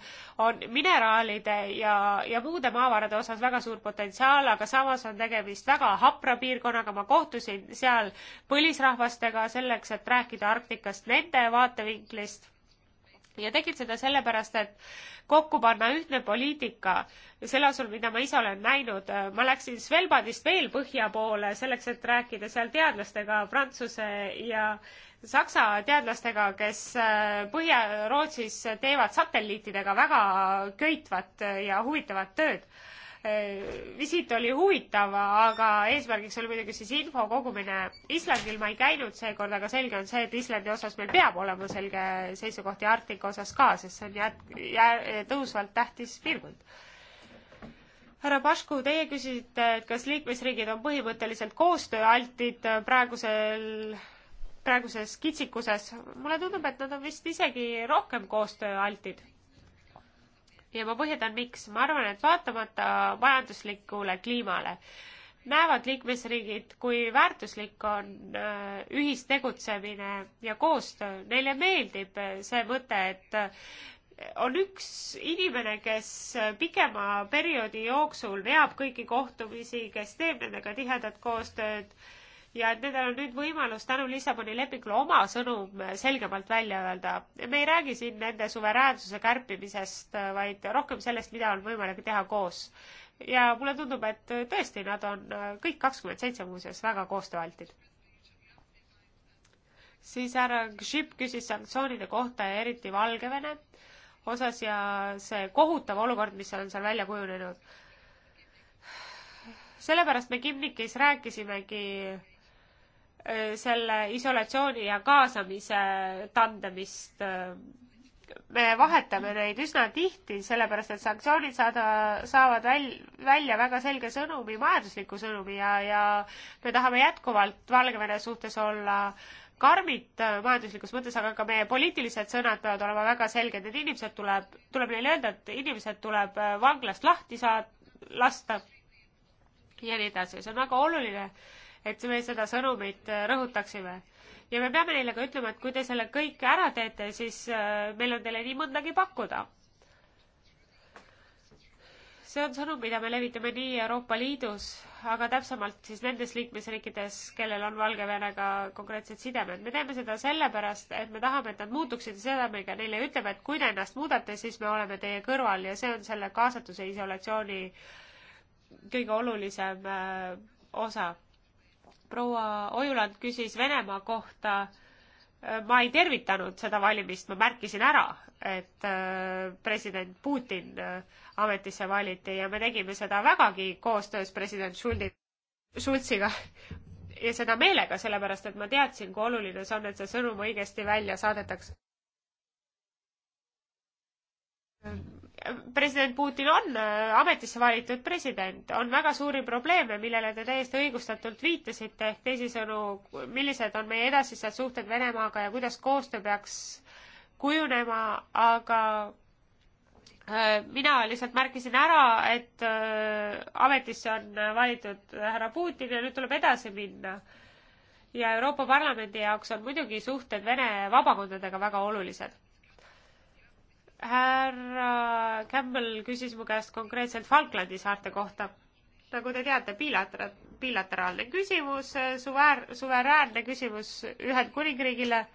on mineraalide ja, ja muude maavarade osas väga suur potentsiaal, aga samas on tegemist väga hapra piirkonnaga, ma kohtusin seal põlisrahvastega selleks, et rääkida Arktikast nende vaatevinklist ja tegin seda sellepärast, et kokku panna ühtne poliitika, selle asemel, mida ma ise olen näinud, ma läksin Svelbadist veel põhja poole, selleks et rääkida seal teadlastega, Prantsuse ja Saksa teadlastega, kes äh, Põhja-Rootsis teevad satelliitidega väga köitvat ja huvitavat tööd Äh, visiit oli huvitav, aga eesmärgiks oli muidugi siis info kogumine. Islandil ma ei käinud seekord, aga selge on see, et Islandi osas meil peab olema selge seisukoht ja Arktika osas ka, sest see on jät-, jä-, tõusvalt tähtis piirkond. härra Pašku, teie küsisite, et kas liikmesriigid on põhimõtteliselt koostööaltid praegusel, praeguses kitsikuses. mulle tundub, et nad on vist isegi rohkem koostööaltid ja ma põhjendan, miks. ma arvan, et vaatamata majanduslikule kliimale näevad liikmesriigid, kui väärtuslik on äh, ühistegutsemine ja koostöö. Neile meeldib äh, see mõte, et äh, on üks inimene, kes pikema perioodi jooksul veab kõiki kohtumisi, kes teeb nendega tihedat koostööd ja et nendel on nüüd võimalus tänu Lissaboni lepingule oma sõnum selgemalt välja öelda. me ei räägi siin nende suveräänsuse kärpimisest, vaid rohkem sellest, mida on võimalik teha koos. ja mulle tundub, et tõesti, nad on kõik kakskümmend seitse muuseas väga koostööaltid. siis härra Gžip küsis sanktsioonide kohta ja eriti Valgevene osas ja see kohutav olukord, mis on seal välja kujunenud. sellepärast me Kimnikis rääkisimegi selle isolatsiooni ja kaasamise tandemist. me vahetame neid üsna tihti, sellepärast et sanktsioonid saada, saavad väl-, välja väga selge sõnumi, majandusliku sõnumi ja, ja me tahame jätkuvalt Valgevene suhtes olla karmid majanduslikus mõttes, aga ka meie poliitilised sõnad peavad olema väga selged, et inimesed tuleb, tuleb neile öelda, et inimesed tuleb eh, vanglast lahti saa-, lasta ja nii edasi, see on väga oluline äh, et me seda sõnumit äh, rõhutaksime. ja me peame neile ka ütlema, et kui te selle kõik ära teete, siis äh, meil on teile nii mõndagi pakkuda. see on sõnum, mida me levitame nii Euroopa Liidus, aga täpsemalt siis nendes liikmesriikides, kellel on Valgevenega konkreetsed sidemed. me teeme seda sellepärast, et me tahame, et nad muutuksid ja seda me ka neile ütleme, et kui te ennast muudate, siis me oleme teie kõrval ja see on selle kaasatuse isolatsiooni kõige olulisem äh, osa proua Ojuland küsis Venemaa kohta. Äh, ma ei tervitanud seda valimist, ma märkisin ära, et äh, president Putin äh, ametisse valiti ja me tegime seda vägagi koostöös president Schuldi, Schulziga ja seda meelega, sellepärast et ma teadsin, kui oluline see on, et see sõnum õigesti välja saadetakse president Putin on äh, ametisse valitud president, on väga suuri probleeme, millele te täiesti õigustatult viitasite, ehk teisisõnu, millised on meie edasised suhted Venemaaga ja kuidas koostöö peaks kujunema, aga äh, mina lihtsalt märkisin ära, et äh, ametisse on valitud härra Putin ja nüüd tuleb edasi minna. ja Euroopa Parlamendi jaoks on muidugi suhted Vene vabakondadega väga olulised härra Campbell küsis mu käest konkreetselt Falklandi saarte kohta. nagu te teate, bilatera-, bilateraalne küsimus, suveäär-, suveräänne küsimus Ühendkuningriigile.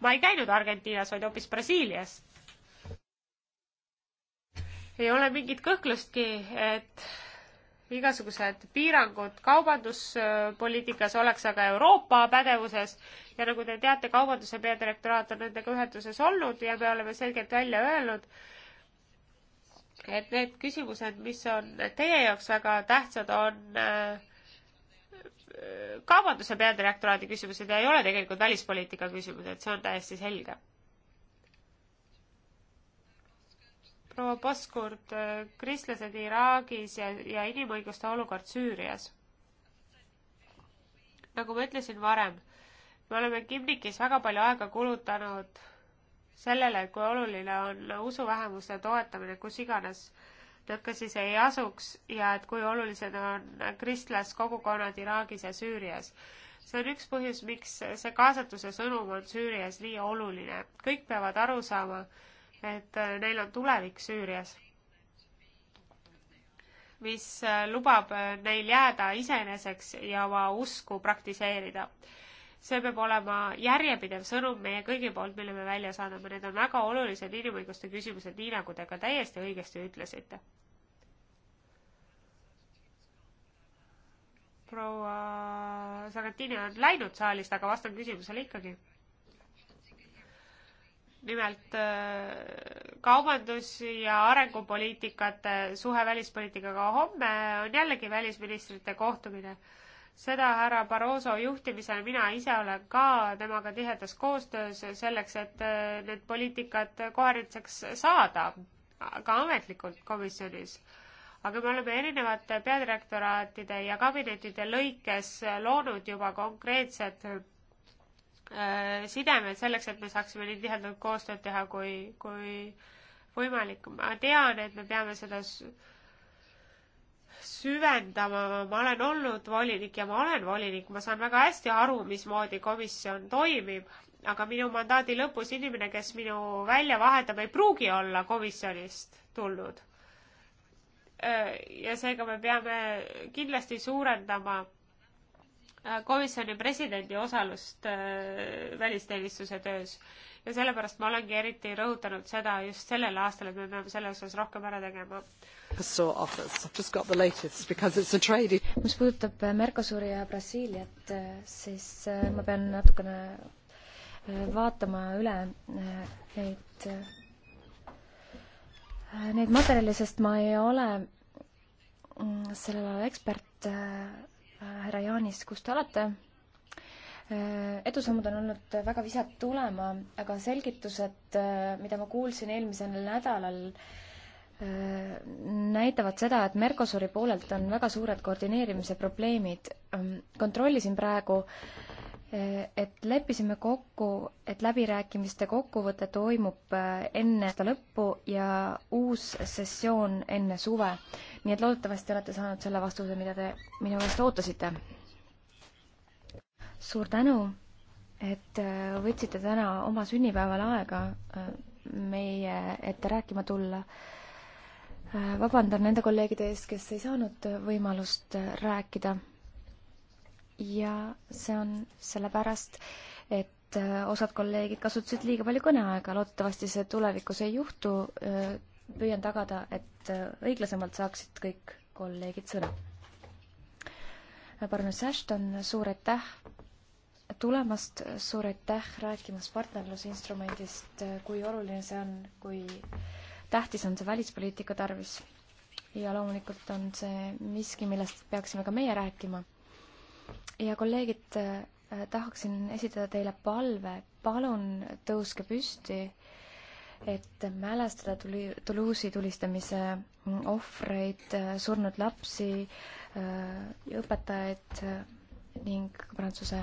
ma ei käinud Argentiinas, vaid hoopis Brasiilias. ei ole mingit kõhklustki, et igasugused piirangud kaubanduspoliitikas oleks aga Euroopa pädevuses ja nagu te teate, kaubanduse peadirektoraat on nendega ühenduses olnud ja me oleme selgelt välja öelnud, et need küsimused, mis on teie jaoks väga tähtsad, on äh, kaubanduse peadirektoraadi küsimused ja ei ole tegelikult välispoliitika küsimused, see on täiesti selge proua Poskurt, äh, kristlased Iraagis ja, ja inimõiguste olukord Süürias. nagu ma ütlesin varem, me oleme Kimnikis väga palju aega kulutanud sellele, kui oluline on usuvähemuste toetamine kus iganes nad ka siis ei asuks ja et kui olulised on kristlaskogukonnad Iraagis ja Süürias. see on üks põhjus, miks see kaasatuse sõnum on Süürias nii oluline. kõik peavad aru saama, et neil on tulevik Süürias, mis lubab neil jääda iseeneseks ja oma usku praktiseerida see peab olema järjepidev sõnum meie kõigi poolt, mille me välja saadame, need on väga olulised inimõiguste küsimused, nii nagu te ka täiesti õigesti ütlesite. proua Sarantini on läinud saalist, aga vastan küsimusele ikkagi nimelt äh, kaubandus- ja arengupoliitikate suhe välispoliitikaga. homme on jällegi välisministrite kohtumine seda härra Barroso juhtimisel, mina ise olen ka temaga tihedas koostöös selleks, et äh, need poliitikad kohenduseks saada, ka ametlikult komisjonis. aga me oleme erinevate peadirektoraatide ja kabinetide lõikes loonud juba konkreetsed äh, sidemed selleks, et me saaksime nii tihedat koostööd teha, kui, kui võimalik. ma tean, et me peame seda süvendama, ma olen olnud volinik ja ma olen volinik, ma saan väga hästi aru, mismoodi komisjon toimib, aga minu mandaadi lõpus inimene, kes minu välja vahetab, ei pruugi olla komisjonist tulnud. ja seega me peame kindlasti suurendama äh, komisjoni presidendi osalust äh, välisteenistuse töös ja sellepärast ma olengi eriti rõhutanud seda just sellel aastal, et me peame selle osas rohkem ära tegema. mis puudutab äh, Mercosuri ja Brasiiliat, äh, siis äh, ma pean natukene vaatama üle neid, neid materjale, sest ma ei ole mm, sellel alal ekspert, härra Jaanis, kust te olete? Äh, edusammud on olnud väga visad tulema, aga selgitused, äh, mida ma kuulsin eelmisel nädalal, äh, näitavad seda, et Mercosuri poolelt on väga suured koordineerimise probleemid. Ähm, kontrollisin praegu, et leppisime kokku, et läbirääkimiste kokkuvõte toimub enne aasta lõppu ja uus sessioon enne suve. nii et loodetavasti olete saanud selle vastuse, mida te minu käest ootasite suur tänu, et äh, võtsite täna oma sünnipäeval aega äh, meie ette rääkima tulla. Äh, vabandan nende kolleegide ees, kes ei saanud võimalust rääkida. ja see on sellepärast, et osad kolleegid kasutasid liiga palju kõneaega, loodetavasti see tulevikus ei juhtu. püüan tagada, et õiglasemalt saaksid kõik kolleegid sõna. Baroness Ashton, suur aitäh tulemast, suur aitäh rääkimast partnerlusinstrumendist, kui oluline see on, kui tähtis on see välispoliitika tarvis. ja loomulikult on see miski, millest peaksime ka meie rääkima. ja kolleegid, äh, tahaksin esitada teile palve, palun tõuske püsti, et mälestada tuli, Tuluusi tulistamise ohvreid, äh, surnud lapsi, äh, õpetajaid ning Prantsuse